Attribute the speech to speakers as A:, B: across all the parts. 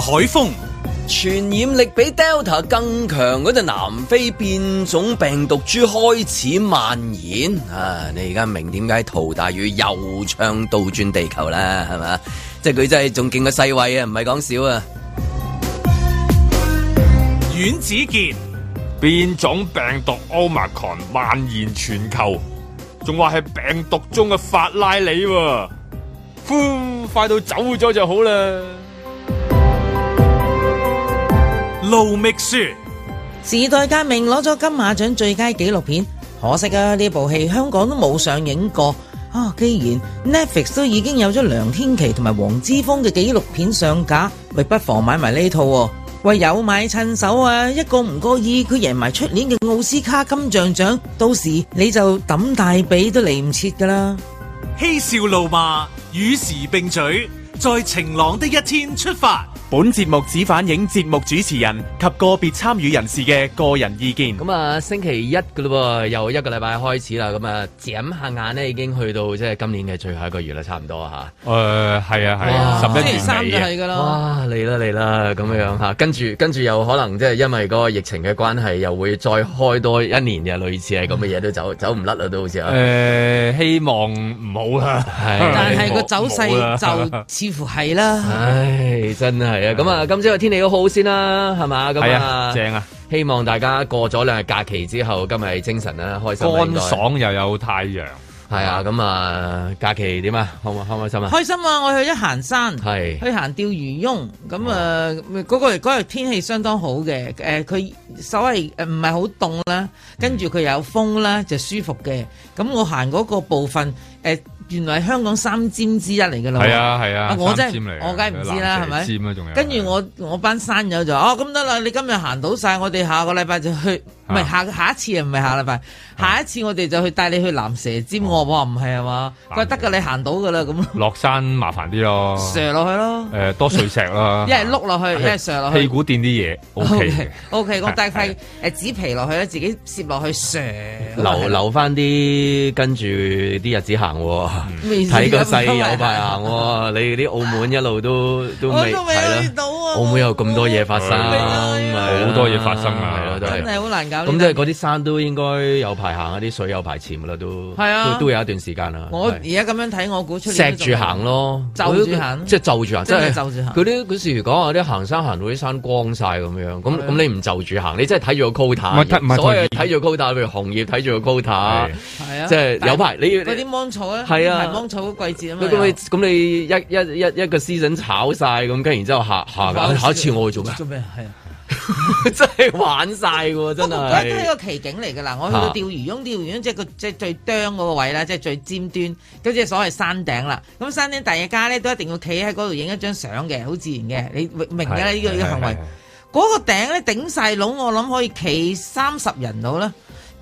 A: 海風
B: 傳染力比 Delta 更強嗰隻南非變種病毒株開始蔓延啊！你而家明點解陶大宇又唱倒轉地球啦？係咪？即係佢真係仲勁過世衛啊！唔係講笑啊！
C: 阮子杰變種病毒 Omicron 蔓延全球，仲話係病毒中嘅法拉利喎，啊！
A: 呼，快到走咗就好啦！路覓雪，
D: 時代革命攞咗金馬獎最佳紀錄片，可惜啊，呢部戲香港都冇上映過。啊，既然 Netflix 都已經有咗梁天琦同埋黃之鋒嘅紀錄片上架，咪不妨買埋呢套喎。喂，有買趁手啊，一個唔過意佢贏埋出年嘅奧斯卡金像獎，到時你就抌大髀都嚟唔切噶啦。
A: 嬉笑怒罵，與時並舉，在晴朗的一天出發。
D: 本節目只反映節目
B: 主持人及個別參與人士嘅個人意見。咁啊，星期一噶啦，又一個禮拜開始啦。咁啊，眨下眼呢已經去到即係今年嘅最後一個月啦，差唔多吓。誒，係啊，係十一月底。星期三就係噶啦。哇，嚟啦嚟啦，咁樣吓、啊。跟住跟住又可能即係因為個疫情嘅關係，又會再開多一年嘅類似係咁嘅嘢都走走唔甩啦，都好似。誒、呃，
C: 希望唔好啦。係。但係、 個走
B: 勢就似乎係啦。 唉，真係。係啊，咁啊，今朝嘅天氣都好先啦，係嘛，啊？咁、嗯、啊，正啊！希望大家過咗兩日假期之後，今日精神啦，啊，開心、啊。乾爽又有太陽，係啊！咁啊，假期點啊？開唔開開心啊？開
D: 心啊！我去咗行山，係去行釣魚翁。咁啊，嗰個日天氣相當好嘅。誒、呃，佢所謂誒唔係好凍啦，跟住佢有風啦，啊，就舒服嘅。咁我行嗰個部分，誒、呃。原來香港三尖之一嚟㗎啦，係啊係啊，啊，我真係我梗係唔知啦，係咪？仲有跟住我我，我班山友就，哦咁得啦，你今日行到晒，我哋下個禮拜就去。唔係下下一次又唔係下禮拜。下一次我哋就去帶你去蚺蛇尖，我話唔係啊嘛？得噶，你行到噶啦咁。落
C: 山麻煩啲咯，蛇落去咯。誒，多碎石咯。一係
D: 碌落去，一係蛇落去。屁
C: 股墊啲嘢。
D: O K O K，我帶塊誒紙皮落去咧，自己摺落去蛇。留留
B: 翻啲跟住啲日子行，
D: 睇、嗯、個勢有
B: 排行。啊、你啲澳門一路都都未到啦、啊。澳門有咁多嘢發生，好、啊啊、多嘢發生啊，真係好難咁即係嗰啲山都應該有排行，啲水有排潛噶啦，都係啊都，都有一段時間啦。我
D: 而家咁樣睇，我估出嚟，就住
B: 行咯，就即係就住、就是、行，即係就住行。佢啲嗰時如講啊，啲行山行到啲山光晒咁樣，咁咁你唔就住行，你真係睇住個高塔。唔係唔係，睇住高塔，譬、啊啊、如紅葉睇住個高塔，係啊，
D: 即係、啊就是、有排你要嗰啲芒草呢啊，係啊，芒草嘅季節啊。咁你咁
B: 你一一一一,一,一個 season 炒晒咁，跟然之後，然後下下下一次我會做咩？做咩？係啊。 真係玩晒噶真係，係一個
D: 奇景嚟噶啦。我去到釣魚翁，釣魚翁即係個即係最啄嗰個位啦，即係最尖端，嗰隻所謂山頂啦。咁山頂大家咧都一定要企喺嗰度影一張相嘅，好自然嘅。你明明噶呢個呢個行為。嗰個頂咧頂晒籠，我諗可以企三十人度啦。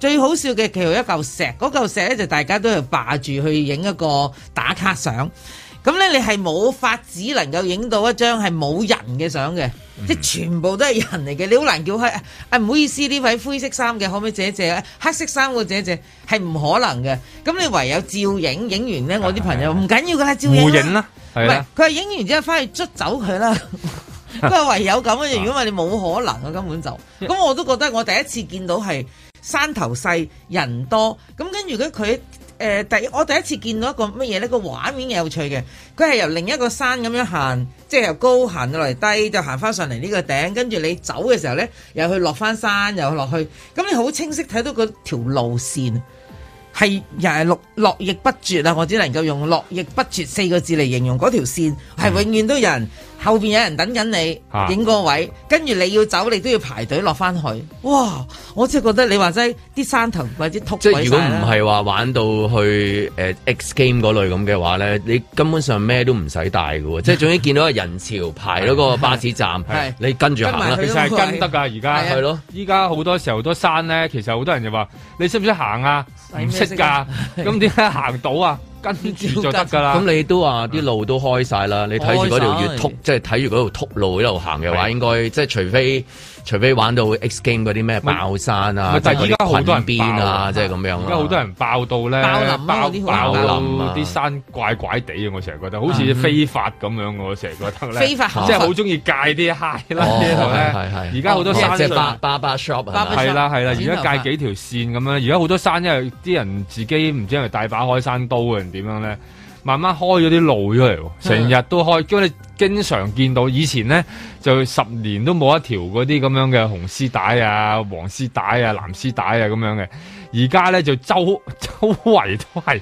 D: 最好笑嘅，其實一嚿石，嗰嚿石咧就大家都係霸住去影一個打卡相。咁咧，你係冇法子能夠影到一張係冇人嘅相嘅，嗯、即全部都係人嚟嘅，你好難叫佢：啊「唔好意思，呢位灰色衫嘅可唔可以借一借？黑色衫個借一借，係唔可能嘅。咁你唯有照影，影完咧，我啲朋友唔緊要噶啦，照影啦，唔係佢係影完之後翻去捉走佢啦。不過唯有咁嘅嘢，如果你冇可能，佢根本就。咁我都覺得我第一次見到係山頭細人多，咁跟住如果佢。誒、呃，第我第一次見到一個乜嘢呢個畫面有趣嘅，佢係由另一個山咁樣行，即係由高行到落嚟低，就行翻上嚟呢個頂。跟住你走嘅時候呢，又去落翻山，又落去。咁你好清晰睇到嗰條路線係又係絡絡繹不絕啊！我只能夠用絡繹不絕四個字嚟形容嗰條線，係永遠都有人。後邊有人等緊你，影、啊、個位，跟住你要走，你都要排隊落翻去。哇！我真係覺得你話齋啲山頭或者禿，即係如果唔係
B: 話玩到去誒、呃、X game 嗰類咁嘅話咧，你根本上
C: 咩都唔使帶喎。即 係總之見到人潮排咗個巴士站， 你跟住行啦。其實係跟得噶，而家係咯。依家好多時候，好多山咧，其實好多人就話：你識唔識行啊？唔識噶，咁點解行到啊？跟住就得㗎喇。咁、嗯、你都話啲
B: 路都開晒啦、嗯，你睇住嗰條越拓、啊，即係睇住嗰條拓路喺度行嘅話，應該即係除非。除非玩到 XGame 嗰啲咩爆山啊，但係依家好多，人變啊，即係咁樣、啊。而家好多
C: 人爆到咧，爆林、啊，爆爆林，啲山怪怪地啊。我成日覺得，嗯、好似非法咁樣。我成日覺得咧，非法，即係好中意戒啲 high 啦，而家好多山即係八八八 shop，係啦係啦。而家、啊啊啊啊啊啊啊啊、戒幾條線咁樣。而家好多山因為啲人自己唔知，係咪大把開山刀定點樣咧？慢慢開咗啲路出嚟，成日都開，因為你經常見到以前咧就十年都冇一條嗰啲咁樣嘅紅絲帶啊、黃絲帶啊、藍絲帶啊咁樣嘅，而家咧就周周圍都係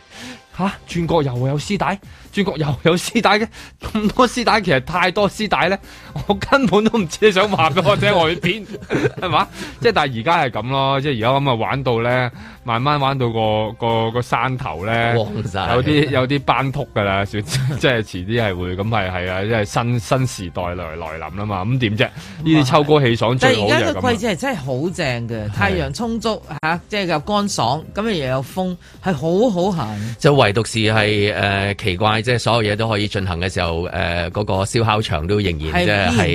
C: 嚇，轉角又會有絲帶。主角又有絲帶嘅，咁多絲帶，其實太多絲帶咧，我根本都唔知你想話多隻外邊，係 嘛？即係但係而家係咁咯，即係而家咁啊玩到咧，慢慢玩到個個個山頭咧，有啲有啲斑禿噶啦，算即係遲啲係會咁係係啊，即係新新時代來來臨啦嘛，咁點啫？呢啲秋高氣爽，
B: 但係而家個季節
D: 係真係好正嘅，太陽充足、啊、即係又乾爽，咁又有風，係好好行。
B: 就唯獨是係、呃、奇怪。即係所有嘢都可以進行嘅時候，誒、呃、嗰、那個燒烤場都仍然即係係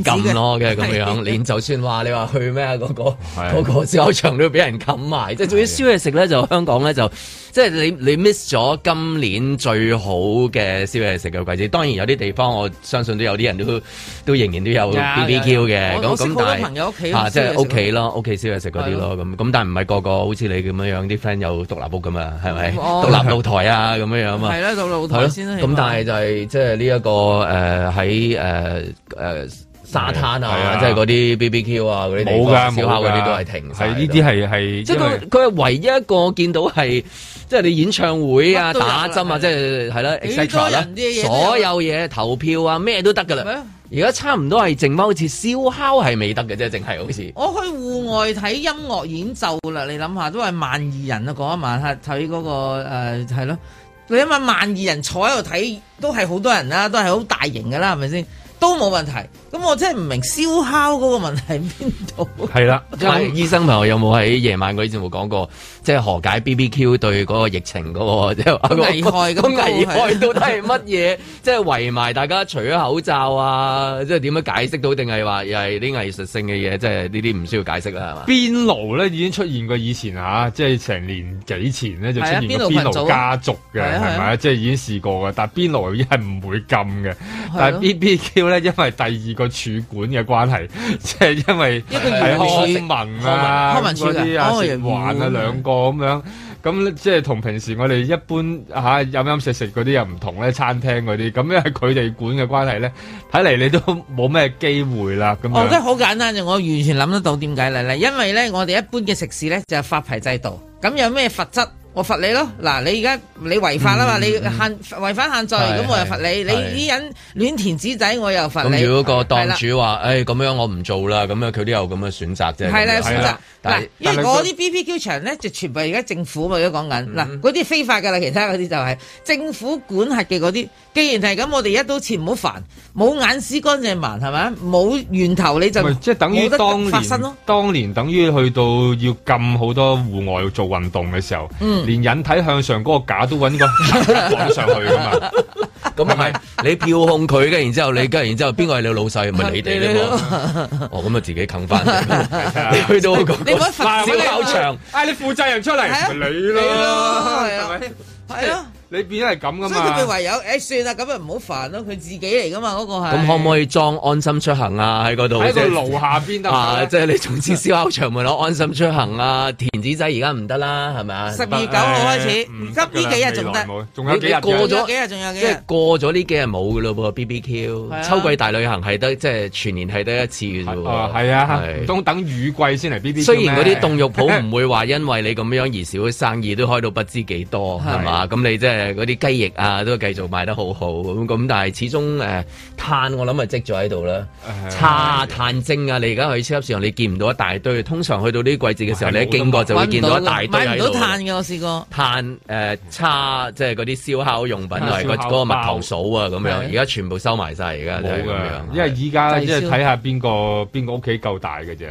B: 禁咯嘅咁樣。你就算話你話去咩啊？嗰、那個嗰個燒烤場都俾人禁埋。即係做啲燒嘢食咧，就香港咧就。即係你你 miss 咗今年最好嘅燒嘢食嘅季節。當然有啲地方我相信都有啲人都都仍然都有 BBQ 嘅咁咁，但係朋友屋企，即係屋企咯，屋企燒嘢食嗰啲咯咁咁，但係唔係個個好似你咁樣啲 friend 有獨立屋咁啊，係咪？Oh, 獨立露台啊咁 樣樣啊。係啦，獨立露台先啦、啊。咁但係就係即係呢一個誒喺誒沙灘啊，即係嗰啲 BBQ 啊嗰啲冇㗎，燒烤嗰啲都係停曬。呢啲係係即係佢佢係唯一一個我見到係。即係你演唱會啊，打針啊，即係係啦 extra 啦，所有嘢投票啊，咩都得噶啦。而家差唔多係剩返好似燒烤係未得嘅啫，淨係好似。
D: 我去戶外睇音樂演奏啦，嗯，你諗下都係萬二人啊，嗰一晚睇嗰個誒係咯，你諗下萬二人坐喺度睇都係好多人啦，啊，都係好大型噶啦，啊，係咪先？都冇問題。咁我真係唔明燒烤嗰個問題喺邊度？
B: 係啦，咁 醫生朋友有冇喺夜晚嗰啲節目講過，即係何解 BBQ 對嗰個疫情嗰、嗰個即係、就係嗰個、危害咁、嗰個、危害到底係乜嘢？即 係圍埋大家除咗口罩啊，即係點樣解釋到？定係話又係啲藝
C: 術性嘅嘢？即係呢啲唔需要解釋啦，係嘛？邊爐呢已經出現過以前啊，即係成年幾前呢就出現過邊爐家族嘅，係咪即係已經試過㗎。但邊爐已經係唔會禁嘅。但係 BBQ 咧，因為第二個。個處管嘅關係，即係因為係開文啊嗰啲啊食環啊兩個咁樣，咁即係同平時我哋一般吓飲飲食食嗰啲又唔同咧，餐廳嗰啲，咁因為佢哋管嘅關係咧，睇嚟，你都冇咩機會啦。我即係好
D: 簡單，我完全諗得到點解嚟咧，因為咧我哋一般嘅食肆咧就係發牌制度，咁有咩罰則？我罰你咯，嗱你而家你違法啦嘛，嗯嗯，你限違反限載，咁我，我又罰你，你呢人亂填紙仔我又罰你。咁如果個檔主
B: 話，誒咁，哎，樣我唔做啦，咁樣佢都有咁嘅選擇啫。係啦選擇，嗱因為我啲
D: BBQ 場咧就全部而家政府咪都講緊，嗱嗰啲非法噶啦，其他嗰啲就係政府管轄嘅嗰啲。既然係咁，我哋一刀切唔好煩，冇眼屎乾淨盲係咪？冇源頭你就即係等於當年發生，
C: 當年等於去到要禁好多戶外做運動嘅時候。嗯連引體向上嗰個架都揾個綁
A: 上去㗎嘛？
B: 咁係咪你票控佢嘅？然之後你跟，然之後邊個係你老細？唔係你哋嚟㗎？哦，咁咪自己啃翻。
C: 你去到嗰、那個嗱，揾教場，嗌你，你，你，你，、哎、你負責人出嚟，咪你咯，
D: 係咪？係啊。
C: 你變咗係咁噶嘛？所以佢咪唯
D: 有誒算啦，咁又唔好煩咯。佢自己嚟噶嘛嗰個係。咁可唔
B: 可以裝安心出行啊？喺嗰度喺個樓下
D: 邊啊！
B: 即係你總之燒烤場咪攞安心出行啦。田子仔而家唔得啦，係咪啊？十月九號開始，急呢幾日仲得，仲有幾日？過咗幾日仲有幾日？即係過咗呢幾日冇㗎咯喎！BBQ 秋季大旅行係得，即係全年係得一次㗎喎。係啊，
C: 當等雨季先嚟 BBQ。雖然嗰啲凍
B: 肉鋪唔會話因為你咁樣而少生意，都開到不知幾多係嘛？咁你即係。誒，嗰啲雞翼啊，都繼續賣得好好咁。咁但係始終誒、呃，炭我諗咪積咗喺度啦。叉、炭精啊，你而家去超級市場，你見唔到一大堆。通常去到呢啲季節嘅時候，你一經過就會見到一大堆喺度。買唔到炭
D: 嘅，我試過。
B: 炭誒、叉、呃、即係嗰啲燒烤用品烤烤、嗰個嗰個蜜頭掃啊咁樣。而家
C: 全部收埋晒，而家就係、係、咁樣。因為依家即係睇下邊個邊個屋企夠大嘅啫。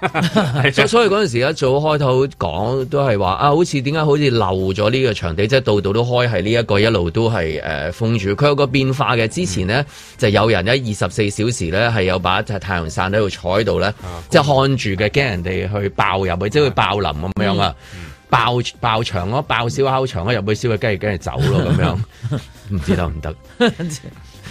B: 所以嗰陣時一早開頭講都係話啊，好似點解好似漏咗呢個場地，即係度度都開係呢一個，一路都係誒、呃、封住。佢有個變化嘅，之前呢，就有人喺二十四小時咧係有把太太陽傘喺度坐喺度咧，即、啊、係、就是、看住嘅驚人哋去爆入去，即、啊、係、就是、會爆林咁樣啊，爆爆牆咯，爆燒烤牆咯，入去燒個雞，跟住走咯咁、嗯、樣，唔 知得唔得？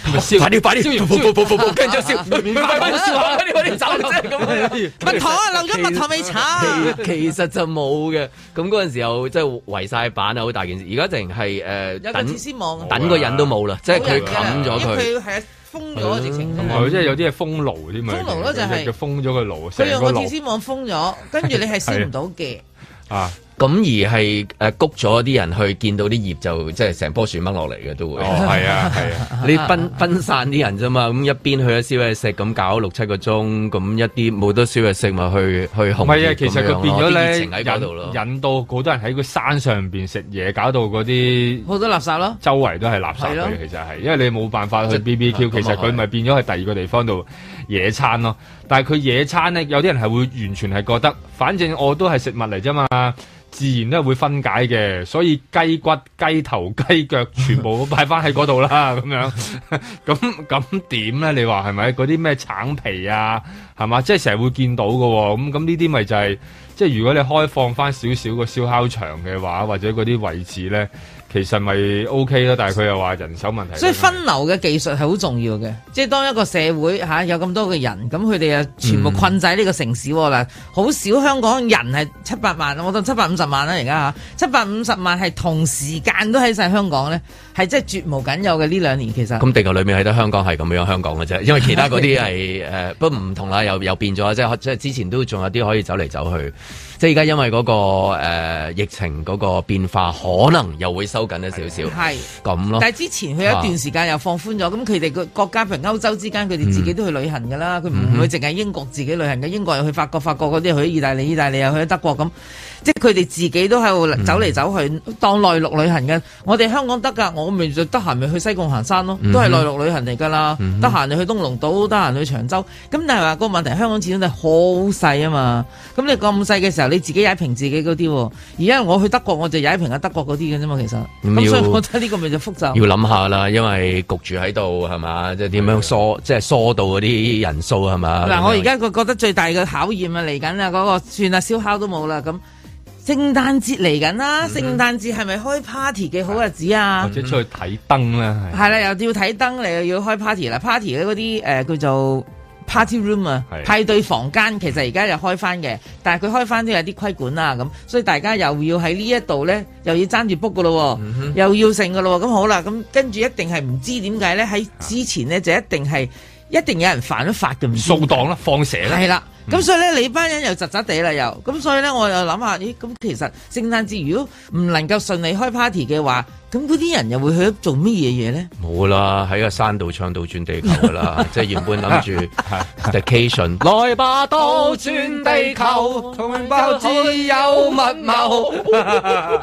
B: 快啲、哦，快啲燒完，唔好跟住燒，快啲快啲走咁啊！蜜糖啊，臨急蜜糖
D: 未炒、啊其啊。其
B: 實就冇嘅，咁嗰陣時候即係圍晒板啊，好大件事。而家淨係係誒，有個鐵絲網，等個人都冇啦，即係佢冚咗佢。
D: 直情，
B: 即係有
C: 啲嘢封爐啲嘛。封
D: 爐囉就係
C: 封咗個爐。
B: 佢用個鐵絲
D: 網封咗，跟住你係燒唔到嘅。
C: 啊！咁而
B: 係誒谷咗啲人去見到啲葉就即係成樖樹掹落嚟嘅都會。哦，係啊，係啊， 你分分散啲人啫嘛，咁一邊去咗燒嘢食，咁搞咗六七個鐘，咁一啲冇多燒嘢食咪去去紅。唔係啊，其實佢變咗咧
C: 引，引到好多人喺個山上邊食嘢，搞到嗰啲好多垃圾咯。周圍都係垃圾囉。其實係，因為你冇辦法去 BBQ，其實佢、就、咪、係、變咗喺第二個地方度野餐咯。但係佢野餐咧，有啲人係會完全係覺得，反正我都係食物嚟啫嘛。自然都係會分解嘅，所以雞骨、雞頭、雞腳全部都擺翻喺嗰度啦，咁樣咁咁點咧？你話係咪？嗰啲咩橙皮啊，係嘛？即係成日會見到㗎喎。咁咁呢啲咪就係，即係如果你開放翻少少個燒烤場嘅話，或者嗰啲位置咧。其實咪 OK 啦，但係佢又話人手問題。所以
D: 分流嘅技術係好重要嘅，即係當一個社會吓、啊、有咁多嘅人，咁佢哋又全部困喺呢個城市啦好、嗯、少香港人係七百萬，我到七百五十萬啦，而家吓七百五十萬係同時間都喺晒香港咧，係真係絕無僅有嘅呢兩年其實。咁
B: 地球裏面喺得香港係咁樣香港嘅啫，因為其他嗰啲係誒不唔同啦，又又變咗，即係即係之前都仲有啲可以走嚟走去。即而家，因為嗰、嗰個誒、呃、疫情嗰個變化，可能又會收緊一少少，係咁咯。但係之前佢有一段時
D: 間又放寬咗，咁佢哋個國家譬如歐洲之間，佢哋自己都去旅行噶啦，佢、嗯、唔會淨係英國自己旅行嘅、嗯，英國又去法國，法國嗰啲去意大利，意大利又去德國咁，即係佢哋自己都係走嚟走去、嗯、當內陸旅行嘅。我哋香港得噶，我咪就得閒咪去西貢行山咯，都係內陸旅行嚟噶啦。得、嗯、閒、嗯、就去東龍島，得閒去長洲。咁但係話個問題，香港始終都係好細啊嘛，咁你咁細嘅時候。你自己踩平自己嗰啲，而家我去德國，我就踩平下德國嗰啲嘅啫嘛。其實咁，所以我覺得呢個咪就複雜。要諗
B: 下啦，因為焗住喺度係嘛，即係點樣疏，嗯、即係疏到嗰啲人數係嘛。嗱，我而家
D: 覺覺得最大嘅考驗啊，嚟緊啊，嗰個算啦，燒烤都冇啦，咁聖誕節嚟緊啦，聖誕節係咪開 party 嘅好日子啊？或者出去
C: 睇燈啦，
D: 係啦、嗯，又要睇燈，你又要開 party 啦，party 咧嗰啲誒，叫做。party room 啊，派對房間其實而家又開返嘅，但係佢開返都有啲規管啦咁，所以大家又要喺呢一度咧，又要爭住 book 嘅咯，又要剩嘅咯，咁好啦，咁跟住一定係唔知點解咧，喺之前咧，就一定係一定有人犯咗法咁掃蕩
C: 啦，放蛇啦，係啦。
D: 咁 所以咧，你班人又窒窒地啦，又咁所以咧，我又諗下，咦？咁其實聖誕節如果唔能夠順利開 party 嘅話，咁嗰啲人又會去做乜嘢嘢咧？
A: 冇啦，
B: 喺個山度唱倒轉地球啦， 即係原本諗住。d i c a t o n 來吧，倒
C: 轉地球，重爆自由密謀。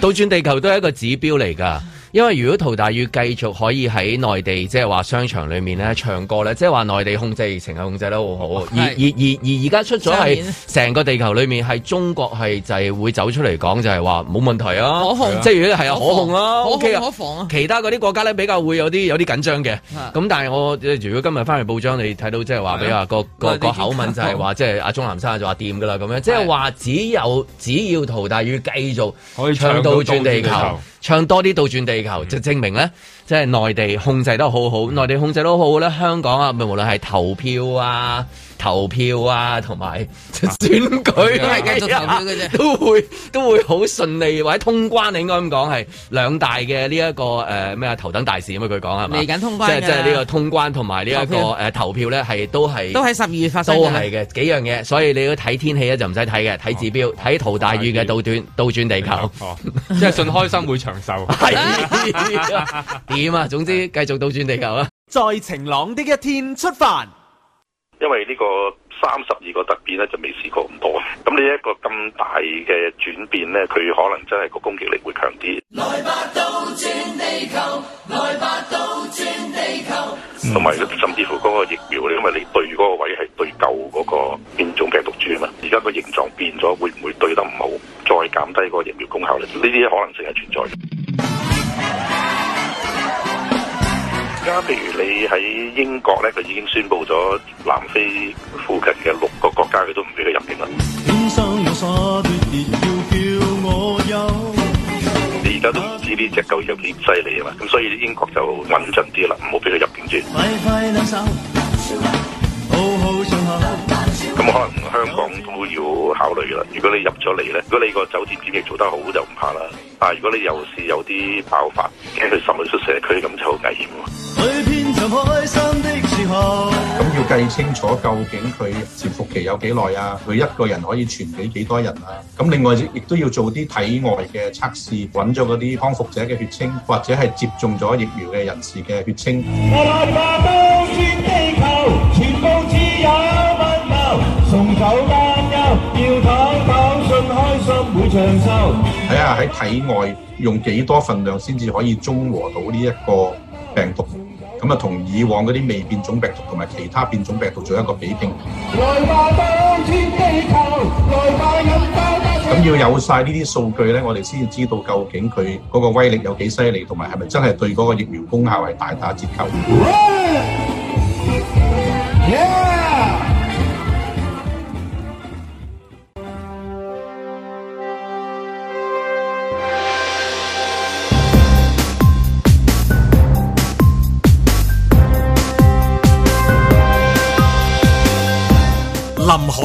B: 倒轉地球都係一個指標嚟噶。因為如果陶大宇繼續可以喺內地，即係話商場裏面咧唱歌咧，即係話內地控制疫情係控制得好好，哦、而而而而而家出咗係成個地球裏面係中國係就係會走出嚟講，就係話冇問題啊，可控，是啊、即係如果係啊可控啊，可防、okay，可防啊，其他嗰啲國家咧比較會有啲有啲緊張嘅。咁、啊、但係我如果今日翻嚟報章，你睇到即係話，譬、啊、如話個個個口吻就係話、嗯，即係阿鍾南山就話掂噶啦咁樣，即係話只有、啊、只要陶大宇繼續可以唱倒轉地，地球，唱多啲倒轉地球。就證明咧，即係內地控制得好好，內地控制得好好咧。香港啊，無論係投票啊。投票啊，同埋選
A: 舉，繼、
D: 啊、續、啊、投票嘅、啊、啫，都
B: 會都會好順利，或者通關，你應該咁講，係兩大嘅呢一個誒咩啊頭等大事咁，啊佢講係嘛，嚟緊通關、啊，即係即係呢個通關同埋呢一個誒投票咧，係都係都喺十
D: 二月發生嘅，都係嘅
B: 幾樣嘢，所以你要睇天氣咧就唔使睇嘅，睇指標，睇、啊、淘大雨嘅、啊、倒轉倒轉地球，啊啊、 即係信開心會長壽，係點啊？總之繼續倒轉地球啊！
A: 在晴朗啲一,一天出發。因為呢個三十二個突變咧就未試過咁多，咁呢一
E: 個咁大嘅轉變咧，佢可能真係個攻擊力會強啲。
A: 來吧，倒轉地球，來吧，倒轉地球。
E: 同埋，甚至乎嗰個疫苗咧，因為你對嗰個位係對舊嗰個變種嘅毒株啊嘛，而家個形狀變咗，會唔會對得唔好，再減低個疫苗功效咧？呢啲可能性係存在的。而家譬如你喺英國咧，佢已經宣布咗南非附近嘅六個國家，佢都唔俾佢入境啦。
A: 你
E: 而家都唔知呢隻狗有幾犀利啊嘛，咁所以英國就穩陣啲啦，唔好俾佢入境住。咁可能香港都要考慮啦。如果你入咗嚟咧，如果你個酒店檢疫做得好，就唔怕啦。嗱，如果你又是有啲爆發，驚佢滲入社區，咁
A: 就好危險喎。
E: 咁要計清楚，究竟佢潛伏期有幾耐啊？佢一個人可以傳俾幾多人啊？咁另外亦都要做啲體外嘅測試，揾咗嗰啲康復者嘅血清，或者係接種咗疫苗嘅人士嘅血清。睇下喺體外用幾多份量先至可以中和到呢一個病毒，咁啊，同以往嗰啲未變種病毒同埋其他變種病毒做一個比拼。
A: 咁
E: 要有晒呢啲數據咧，我哋先至知道究竟佢嗰個威力有幾犀利，同埋係咪真係對嗰個疫苗功效係大打折扣。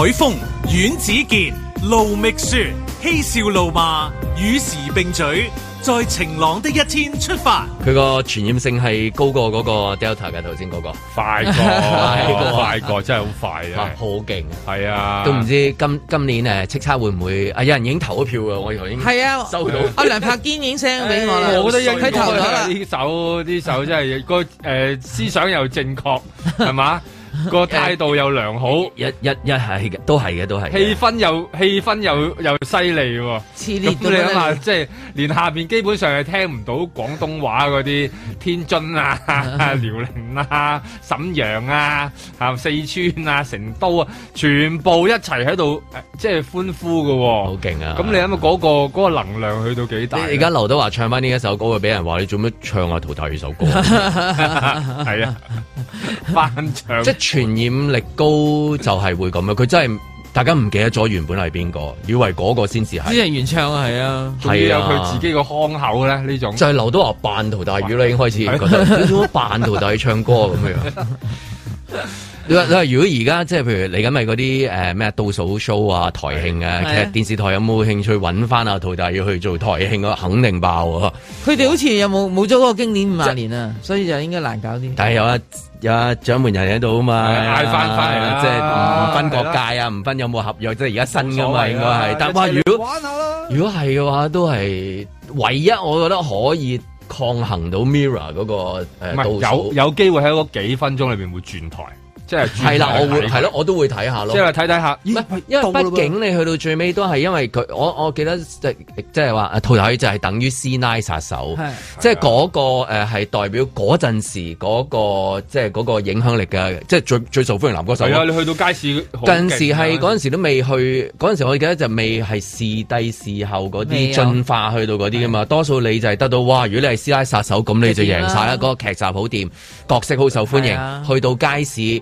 A: 海風、阮子健、盧覓雪、嬉笑怒罵，與時並嘴，在晴朗的一天出發。
B: 佢個傳染性係高過嗰個 Delta 嘅，頭先嗰個，快過， 啊、 快過，
C: 真係好快啊！啊好勁、啊，係啊，
B: 都唔知道今今年誒，叱咤會唔會啊？有人已經投
D: 咗票了啊！我以頭已經係啊，收到阿梁柏堅影聲俾我啦，我都應、那個，佢投呢、那
C: 個、首、首，首真係、 那個誒、呃、思想又正確，係 嘛？個 態度又良好， 一一一係嘅，都係嘅，都係。氣氛又氣氛又 又犀利喎，咁 你諗想下，即 係連下邊基本上係聽唔到廣東話嗰啲，天津啊、遼 寧啊、瀋陽啊、啊四川啊、成都啊，全部一齊喺度，即係歡呼喎。好勁啊！咁你諗下嗰個 個能量去到幾大？而家劉德華唱翻呢一首歌，歌，會俾
B: 人話你做乜唱啊？淘汰呢首歌？
D: 係啊，翻唱
B: 傳染力高就係會咁樣，佢真係大家唔記得咗原本係邊個，以為嗰個先至係，先
C: 係原唱係啊，係啊，仲有佢自己個腔口咧，呢、啊、種就係劉
B: 德華扮陶大宇啦，已經開始覺得扮陶大宇唱歌咁 這樣？ 如果而家即係譬如嚟緊咪嗰啲誒咩倒數 show 啊，台慶啊，啊，其實電視台有冇興趣揾翻啊？陶大要去做台慶啊，肯定爆喎！
D: 佢哋好似又冇冇咗嗰個經典五十年啊，所以就應該難搞啲。
B: 但係有啊有啊，掌門人喺度啊嘛，嗌翻翻嚟啦，即係唔分國界啊，唔分有冇合約，即係而家新噶嘛，應該係、啊啊。但係話如果如果係嘅話，都係唯一我覺得可以
C: 抗衡到 Mirror 嗰
B: 個誒倒數，有有
C: 機會喺嗰幾分鐘裏邊會轉台。即係係啦，我會係咯，我都會睇下咯是。即係睇睇下，
B: 因為畢竟你去到最尾都係因為佢，我我記得即係話係話，兔仔就係等於師奶殺手，即係嗰個誒係代表嗰陣時嗰、那個即係嗰個影響力嘅，即係最最受歡迎男歌手。係啊，你去
C: 到街市、啊、近時係嗰陣
B: 時都未去，嗰陣時我記得就未係視帝視後嗰啲進化去到嗰啲啊嘛。多數你就係得到哇！如果你係師奶殺手，咁你就贏晒啦。嗰、啊、個劇集好掂，角色好受歡迎，去到街市。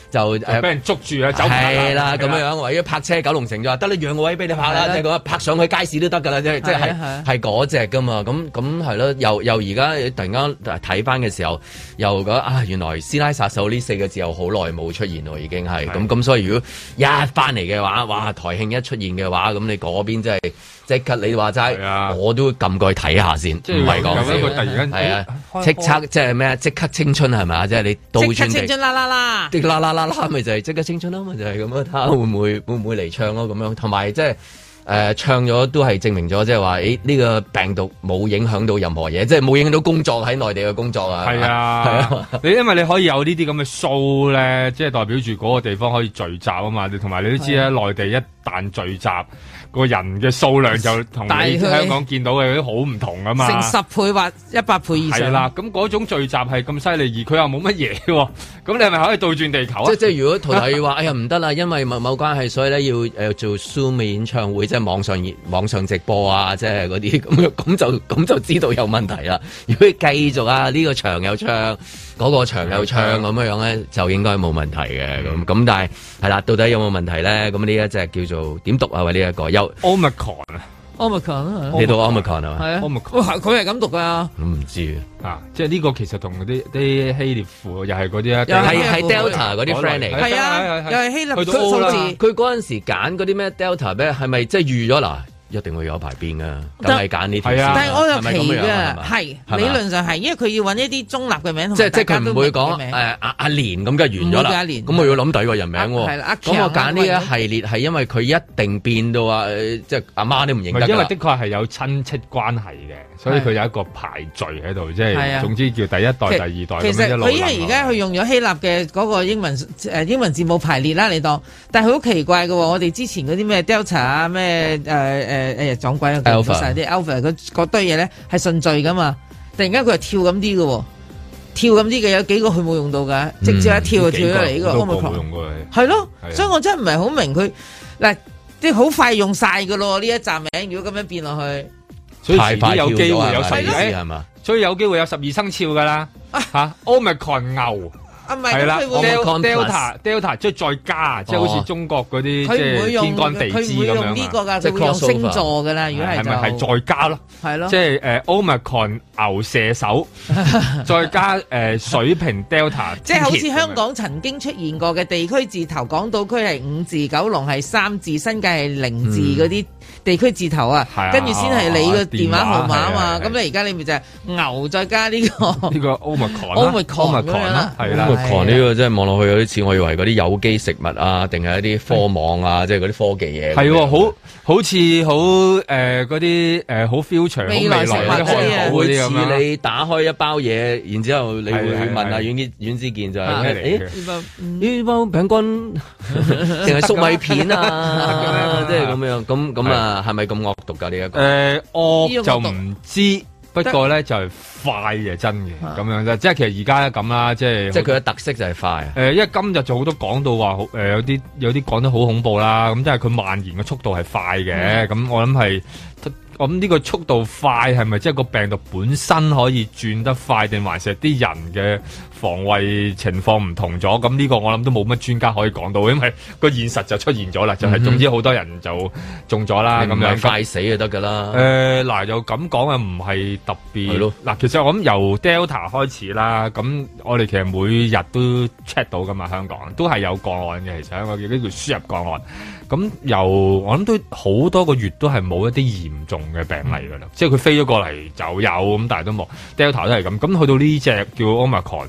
B: 就俾人捉住啊！走唔走啦？咁樣樣，或者拍車九龍城就話得啦，讓個位俾你拍啦，即係咁拍上去街市都得噶啦，即係即係係嗰隻噶嘛。咁咁係咯，又又而家突然間睇翻嘅時候，又覺得啊，原來師奶殺手呢四個字又好耐冇出現咯，已經係咁咁。所以如果一翻嚟嘅話，哇！台慶一出現嘅話，咁你嗰邊真係即刻你話齋，我都撳過去睇下先，唔係講突然間、欸、即刻即係咩啊？即刻青春係咪啊？即係你即刻青春
D: 啦啦，刻啦啦
B: 啦，啦啦啦。咪 就係、是、即刻青春咯，咪就係咁咯。睇下會唔會，會唔會嚟唱咯咁樣。同埋即係誒唱咗都係證明咗，即係話誒呢個病毒冇影響到任何嘢，即係冇影響到工作喺內地嘅工作啊。係啊，係啊，
C: 你因為你可以有呢啲咁嘅 show 咧，即係代表住嗰個地方可以聚集啊嘛。你同埋你都知咧，啊、內地一旦聚集，個人嘅數量就同香港見到嘅好唔同啊嘛，成十
D: 倍或一
C: 百倍以上。啦，咁嗰種聚集係咁犀利，而佢又冇乜嘢，咁你係咪可以倒轉地球啊？ 即係即
B: 如果同大話， 哎呀唔得啦，因為某某關係，所以咧要誒、呃、做 o 擬演唱會，即係網上網上直播啊，即係嗰啲咁，咁就咁就知道有問題啦。 如果繼續啊，呢、這個場有唱，嗰、那個場有唱咁 樣樣咧，就應該冇問題嘅。咁、嗯、咁，但係係啦，到底有冇問題咧？咁呢一隻叫做點讀啊？呢、這、一個
C: Omicron
D: 啊，Omicron 啊，你到 Omicron 係嘛？Omicron，佢係咁讀噶，我
C: 唔知啊。即係呢個其實同啲啲希臘夫又係嗰啲
D: 啊，係係 Delta
B: 嗰啲 friend 嚟，係啊，又係希臘夫佢數字，佢嗰陣時揀嗰啲咩 Delta 咩，係咪即係預咗啦？一定會有排變噶，咁係揀呢條。但係、就是、我有奇噶，係
D: 理論上係，因為佢要揾一啲中立嘅名。即係即係佢唔會講、
B: 啊、阿阿蓮咁，梗係完咗啦。咁我要諗第二個人名喎。咁我揀呢一系列係、啊、因為佢一定變到話，
C: 即係阿媽都唔認得，因為的確係有親戚關係嘅，所以佢有一個排序喺度，即、就、係、是啊、總之叫第一代、第二代咁其，其實佢因為而家
D: 佢用咗希臘嘅嗰個英文英文字母排列啦，你當。但係好奇怪嘅喎，我哋之前嗰啲咩 Delta 啊，咩誒、哎、誒，撞鬼啊！晒啲 alpha 嗰堆嘢咧，係順序噶嘛？突然間佢係跳咁啲嘅，跳咁啲嘅有幾個佢冇用到嘅、嗯，直接一跳就跳咗嚟呢個 omicron 係咯，所以我真係唔係好明佢，嗱即係，好快用晒噶咯呢一站名，如果咁樣變落去，所以排版有
C: 機會有十二，係嘛？所以有機會有十二生肖噶啦吓 omicron 牛。啊啊啊哦
D: 係啦，del delta
C: delta 即係再加，即、就、係、是、好似中國嗰啲即係天干地支咁樣。
D: 佢唔會用呢
B: 個
C: 㗎，佢會用星座㗎啦。如果係就係咪係再加咯？係咯，即係誒，Omicron 牛射手， 再加誒、uh, 水平 delta，即 係好似香港
D: 曾經出現過嘅地區字頭，港島區係五字，九龍係三字，新界係零字嗰啲。嗯地區字頭啊，跟住先係你個電話號碼啊嘛，咁、啊啊啊嗯、你而家你咪就係牛再加呢、呢個呢、啊啊啊啊呢個奧密克奧密克咁樣啦。奧密克
B: 呢個真係望落去有啲似我以為嗰啲有機食物啊，定係一啲科網啊，即係嗰啲科技嘢。係
C: 好好似好誒嗰啲誒好 future 好未來嘅嘢，會似你
B: 打開一包嘢，然之後你會問下阮阮子健就係誒咦呢包餅乾定係粟米片啊？即係咁樣咁咁
C: 啊！欸啊，係咪咁惡毒噶呢一個？誒、呃、惡就唔知、這個，不過咧就係、是、快係真嘅咁、啊、樣啦。即係其實而家咁啦，即係即係佢嘅特色就係快、啊。誒、呃，因為今日就好多講到話，誒、呃、有啲有啲講得好恐怖啦。咁即係佢蔓延嘅速度係快嘅。咁、嗯、我諗係。咁呢個速度快係咪即係個病毒本身可以轉得快，定還是啲人嘅防衛情況唔同咗？咁呢個我諗都冇乜專家可以講到，因為個現實就出現咗啦、嗯，就係、是、總之好多人就中咗啦，咁、嗯、樣快死就得噶啦。誒、呃、嗱，就咁講啊，唔係特別。係咯。嗱，其實我諗由 Delta 開始啦，咁我哋其實每日都 check 到噶嘛，香港都係有個案嘅，其實香港叫呢叫輸入個案。咁由我諗都好多個月都係冇一啲嚴重嘅病例㗎啦、嗯，即係佢飛咗過嚟就有，咁但係都冇 Delta 都係咁，咁去到呢隻叫 Omicron，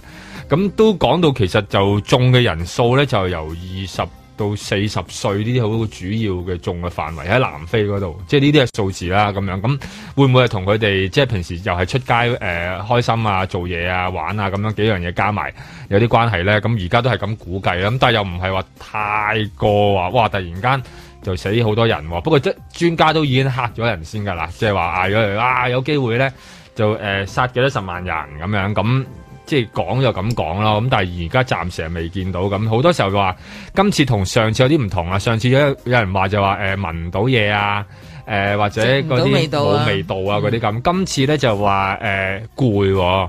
C: 咁都講到其實就中嘅人數咧就由二十，到四十歲呢啲好主要嘅重嘅範圍喺南非嗰度，即係呢啲係數字啦咁樣。咁會唔會係同佢哋即係平時又係出街誒、呃、開心啊、做嘢啊、玩啊咁樣幾樣嘢加埋有啲關係咧？咁而家都係咁估計咁，但係又唔係話太過話哇突然間就死好多人喎。不過即係專家都已經嚇咗人先㗎啦，即係話嗌咗嚟啊有機會咧就、呃、殺幾多十萬人咁樣咁。即係講就咁講咯，咁但係而家暫時係未見到咁，好多時候話今次同上次有啲唔同啊。上次有有人話就話誒聞唔到嘢啊，誒或者嗰啲冇味道啊嗰啲咁，今次咧就話誒攰，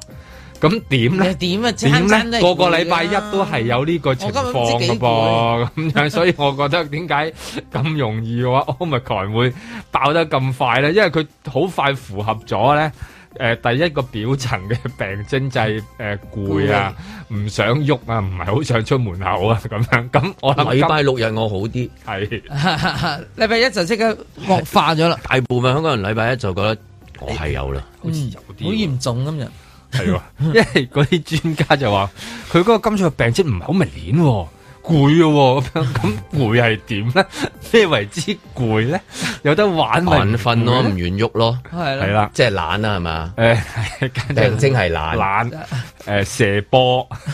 C: 咁點咧？點啊？點咧？個個禮拜一都係有呢個情況㗎噃，咁樣所以我覺得點解咁容易嘅話，Omicron 會爆得咁快咧？因為佢好快符合咗咧。誒、呃，第一個表層嘅病徵就係、是、誒，攰、呃、啊，唔想喐啊，唔係好想出門口啊，咁樣咁我諗禮拜六日我好啲，係，
D: 禮 拜一就即刻惡
B: 化
C: 咗啦。大部分香港人禮拜一就覺得我係有啦，好似有啲、欸、好嚴、啊嗯、重今日係， 因為嗰啲專家就話佢嗰個金嘅病徵唔係好明顯、啊。攰嘅喎，咁攰係點咧？咩為之攰咧？有得玩、啊啊就是懶呃懶，懶瞓咯，唔願喐咯，係啦，即係懶啦，係嘛？病徵係懶懶誒射波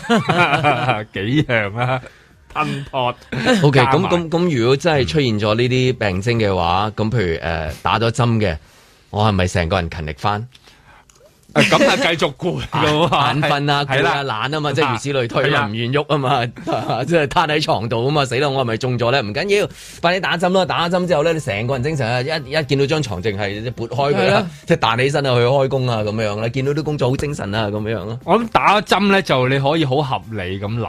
C: 幾樣啊？吞脫。OK，咁咁
B: 咁，如果真係出現咗呢啲病徵嘅話咁、嗯、譬如誒、呃、打咗針嘅，我係咪成個人勤力翻？
C: 咁 啊，繼續攰啊，眼瞓啊，係啦，懶啊嘛、啊啊，即係如此類推啦，唔
B: 願喐啊，願意啊，啊，啊嘛，即係攤喺床度啊嘛，死啦！我係咪中咗咧？唔緊要，快啲打針啦！打針之後咧，你成個人精神啊，一一見到張床撥，淨係撥開佢啦，即係彈起身啊，身去開工啊，咁樣啦，見到啲工作好
C: 精神啊，咁樣咯。我諗打針咧，就你可以好合理咁懶。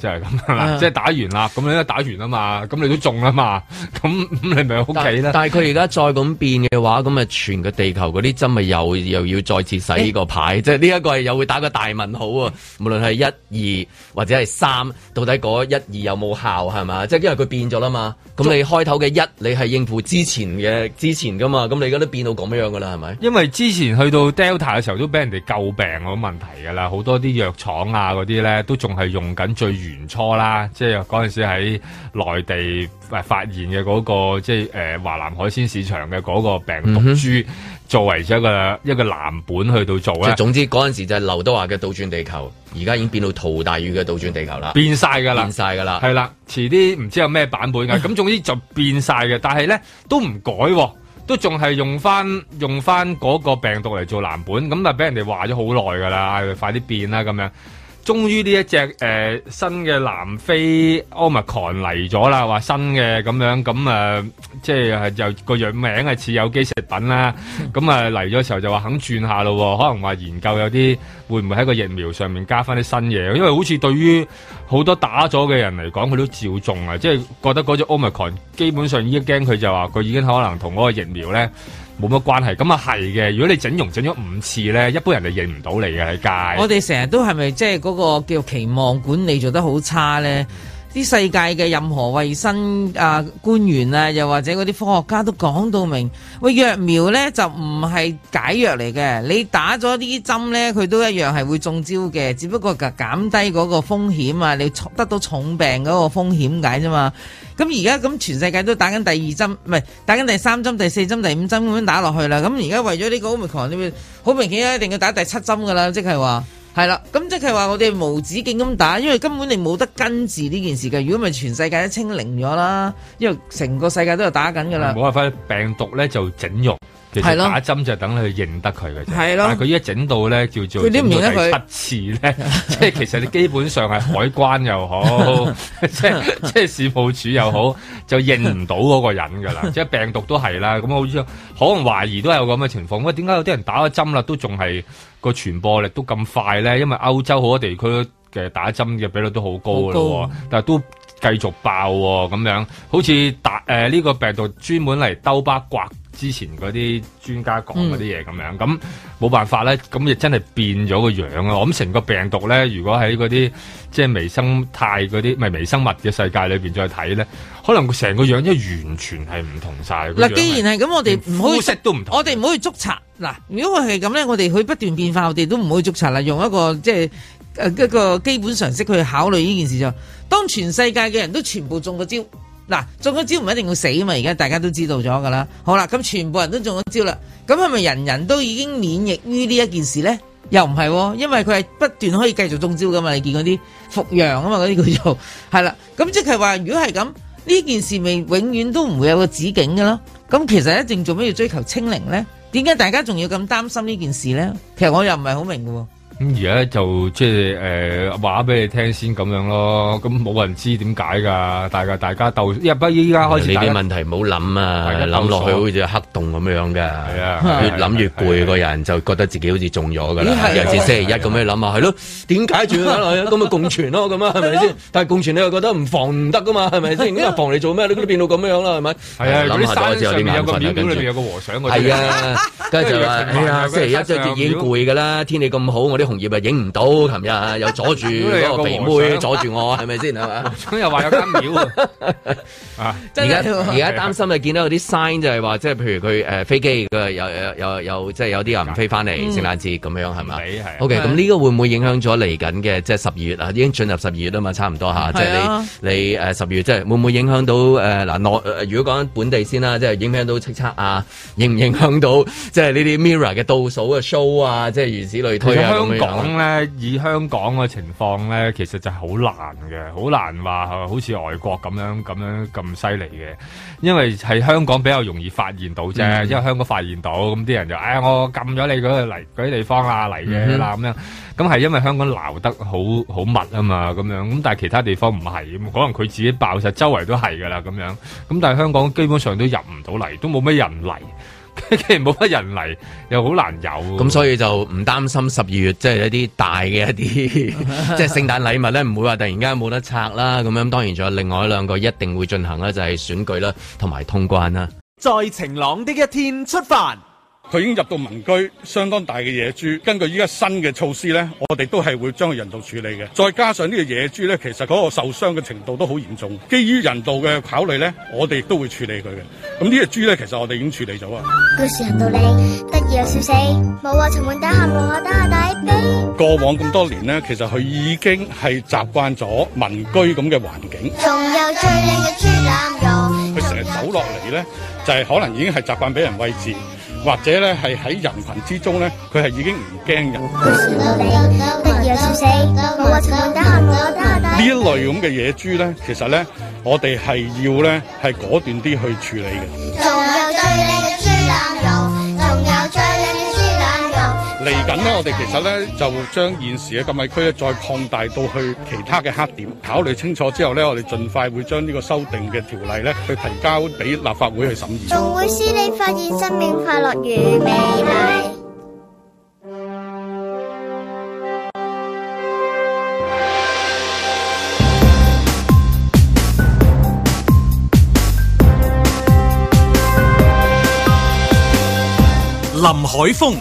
C: 即係咁啦，即係打完啦，咁、啊、你都打完啊嘛，咁你都中啊嘛，咁咁你咪喺屋企啦。但係佢而家
B: 再咁變嘅話，咁咪全個地球嗰啲針咪又又要再次洗呢個牌？欸、即係呢一個係又會打個大問號啊！無論係一、二或者係三，到底嗰一、二有冇效係咪？即係因為佢變咗啦嘛，咁你開頭嘅一，你係應付之前嘅之前噶嘛？咁你而家都變到咁樣㗎噶啦，係咪？
C: 因為之前去到 Delta 嘅時候都俾人哋詬病個問題噶啦，好多啲藥廠啊嗰啲咧都仲係用緊最原。原初啦，即係嗰陣時喺內地發現嘅嗰、那個即係誒華南海鮮市場嘅嗰個病毒株，作為一個一個藍本去到做。啦、嗯、總之嗰陣時就劉德華嘅倒轉地球，而家已經變到屠大宇嘅倒轉地球啦，變晒噶啦，變晒噶啦，係啦，遲啲唔知有咩版本噶，咁、嗯、總之就變晒嘅，但係咧都唔改，都仲係用翻用翻嗰個病毒嚟做藍本，咁啊俾人哋話咗好耐噶啦，快啲變啦咁樣。終於呢一隻誒、呃、新嘅南非 Omicron 嚟咗啦，話新嘅咁樣咁誒、呃，即係又個樣名係似有機食品啦。咁啊嚟咗時候就話肯轉下咯，可能話研究有啲會唔會喺個疫苗上面加翻啲新嘢，因為好似對於好多打咗嘅人嚟講，佢都照中啊，即係覺得嗰隻 Omicron 基本上已經驚佢就話佢已經可能同嗰個疫苗咧。冇乜關係，咁啊係嘅。如果你整容整咗五次咧，一般人就認唔到你嘅喺街。我
D: 哋成日都係咪即係嗰個叫期望管理做得好差咧？啲世界嘅任何衛生啊官員啊，又或者嗰啲科學家都講到明，喂藥苗呢就唔係解藥嚟嘅，你打咗呢啲針呢，佢都一樣係會中招嘅，只不過減低嗰個風險啊，你得到重病嗰個風險解啫嘛。咁而家咁全世界都打緊第二針，唔係打緊第三針、第四針、第五針咁樣打落去啦。咁而家為咗呢個奧密克戎，你咪好明顯一定要打第七針噶啦，即係話。係啦，咁即係話我哋無止境咁打，因為根本你冇得根治呢件事嘅。如果咪全世界都清零咗啦，因為成個世界都係打緊噶啦。冇
C: 辦法，病毒咧就整容。其實打針就等你去認得佢嘅，但係佢一整到咧叫做點樣第七次咧，即係其實你基本上係海關又好， 即係即係事務處又好，就認唔到嗰個人噶啦。即係病毒都係啦，咁好似可能懷疑都有咁嘅情況。喂，點解有啲人打咗針啦，都仲係個傳播力都咁快咧？因為歐洲好多地區嘅打針嘅比率都好高嘅，但係都繼續爆咁、哦、樣，好似打誒呢、呃這個病毒專門嚟兜巴刮。之前嗰啲專家講嗰啲嘢咁樣，咁冇辦法咧，咁亦真係變咗個樣啊！我諗成個病毒咧，如果喺嗰啲即係微生態嗰啲，唔係微生物嘅世界裏面再睇咧，可能佢成個樣一完全係唔同晒。嗱、嗯，既然
D: 係咁，我哋唔好以識都唔同，我哋唔好去捉查。嗱，如果佢係咁咧，我哋去不斷變化，我哋都唔好去捉查啦。用一個即係一個基本常識去考慮呢件事就，當全世界嘅人都全部中個招。嗱，中咗招唔一定要死嘛？而家大家都知道咗噶啦，好啦，咁全部人都中咗招啦，咁係咪人人都已經免疫於呢一件事呢？又唔係、哦，因為佢係不斷可以繼續中招噶嘛？你見嗰啲復陽啊嘛？嗰啲叫做係啦，咁即係話如果係咁呢件事，咪永遠都唔會有個止境嘅咯。咁其實一定做咩要追求清零呢？點解大家仲要咁擔心呢件事呢？其實我又唔係好明喎。
C: 咁而家就即係誒話俾你聽先咁樣咯，咁冇人知點解㗎？大家大家鬥，不如依家開始家。你啲問題唔好諗啊，諗落去
B: 好似黑洞咁樣㗎、啊啊啊。越諗越攰、啊，個人、啊啊、就覺得自己好似中咗㗎，尤其是星期一咁樣諗啊，係咯，點解仲要啊？咁咪、啊啊啊啊啊、 共存咯、啊，咁啊係咪先？但係共存你又覺得唔防唔得㗎、啊、嘛，係咪先？咁啊防你做咩？你都變變到咁樣啦，係咪？係啊，諗下嗰陣時有個有個和尚個。係啊，跟住就即已經攰㗎啦，天氣咁好，我同業又影唔到昨，琴 日又阻住個肥妹，阻住我，係咪先係嘛？咁
C: 又話有金廟
B: 啊！而家而家擔心就見到有啲 sign 就係話，即係譬如佢誒、呃、飛機佢又又又即係有啲、就是、人唔飛翻嚟聖誕節咁樣係嘛？OK，咁呢個會唔會影響咗嚟緊嘅？即係十二月啊，已經進入十二月啦嘛，差唔多吓，即係、就是、你你誒十二月，即、就、係、是、會唔會影響到誒嗱？若、呃、如果講本地先啦，即、就、係、是、影響到叱咤
C: 啊，影唔影響到即係呢啲 mirror 嘅倒數嘅 show 啊？即、就、係、是、如此類推啊咁。講咧以香港嘅情況咧，其實就好難嘅，好難話好似外國咁樣咁樣咁犀利嘅。因為係香港比較容易發現到啫、嗯，因為香港發現到，咁啲人就，哎呀，我撳咗你嗰個嚟啲地方啊嚟嘅啦，咁、嗯、樣。咁係因為香港鬧得好好密啊嘛，咁樣。咁但係其他地方唔係，咁可能佢自己爆晒，周圍都係噶啦，咁樣。咁但係香港基本上都入唔到嚟，都冇咩人嚟。 其實冇乜人嚟，又好難有咁，所以就唔擔心十二月
B: 即係、就是、一啲大嘅一啲即係聖誕禮物咧，唔會話突然間冇得拆啦。咁樣當然仲有另外兩個一定會進行啦，就係、是、選舉啦，同埋通關啦。
A: 在晴
E: 朗的一天出發。佢已經入到民居，相當
B: 大嘅野豬。根據依家新
E: 嘅措施咧，我哋都係會將佢人道處理嘅。再加上呢個野豬咧，其實嗰個受傷嘅程度都好嚴重。基於人道嘅考慮咧，我哋都會處理佢嘅。咁呢隻豬咧，其實我哋已經處理咗啊。個時
A: 人道你得意死有少少冇啊？尋晚底下望我打下底杯。
E: 過往咁多年咧，其實佢已經係習慣咗民居咁嘅環境。
A: 仲有最靚嘅豬腩肉。佢
E: 成日走落嚟咧，就係、是、可能已經係習慣俾人餵食。或者咧，係喺人群之中咧，佢係已經唔驚人。呢一類咁嘅野豬咧，其實咧，我哋係要咧係果斷啲去處理
A: 嘅。
E: 嚟緊咧，我哋其實咧就將現時嘅禁尾區咧再擴大到去其他嘅黑點，考慮清楚之後咧，我哋盡快會將呢個修訂嘅條例咧去提交俾立法會去審議。仲會使
A: 你發現生命快樂與美麗。林海峰。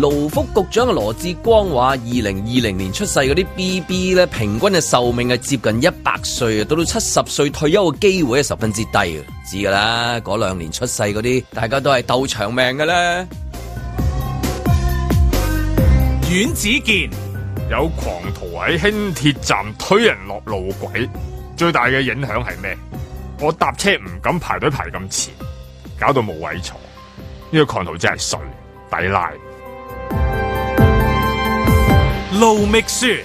A: 勞福局長羅志
B: 光話，二零二零年出世嗰啲 B B 咧，平均嘅壽命係接近一百歲啊，到到七十歲退休嘅機會係十分之低啊，知噶啦，嗰兩年出世嗰啲，大
C: 家都係鬥長命嘅咧。阮子健有狂徒喺輕鐵站推人落路軌，最大嘅影響係咩？我搭車唔敢排隊排咁前，搞到冇位坐。呢個狂徒真係衰，抵賴。
A: 盧覓雪，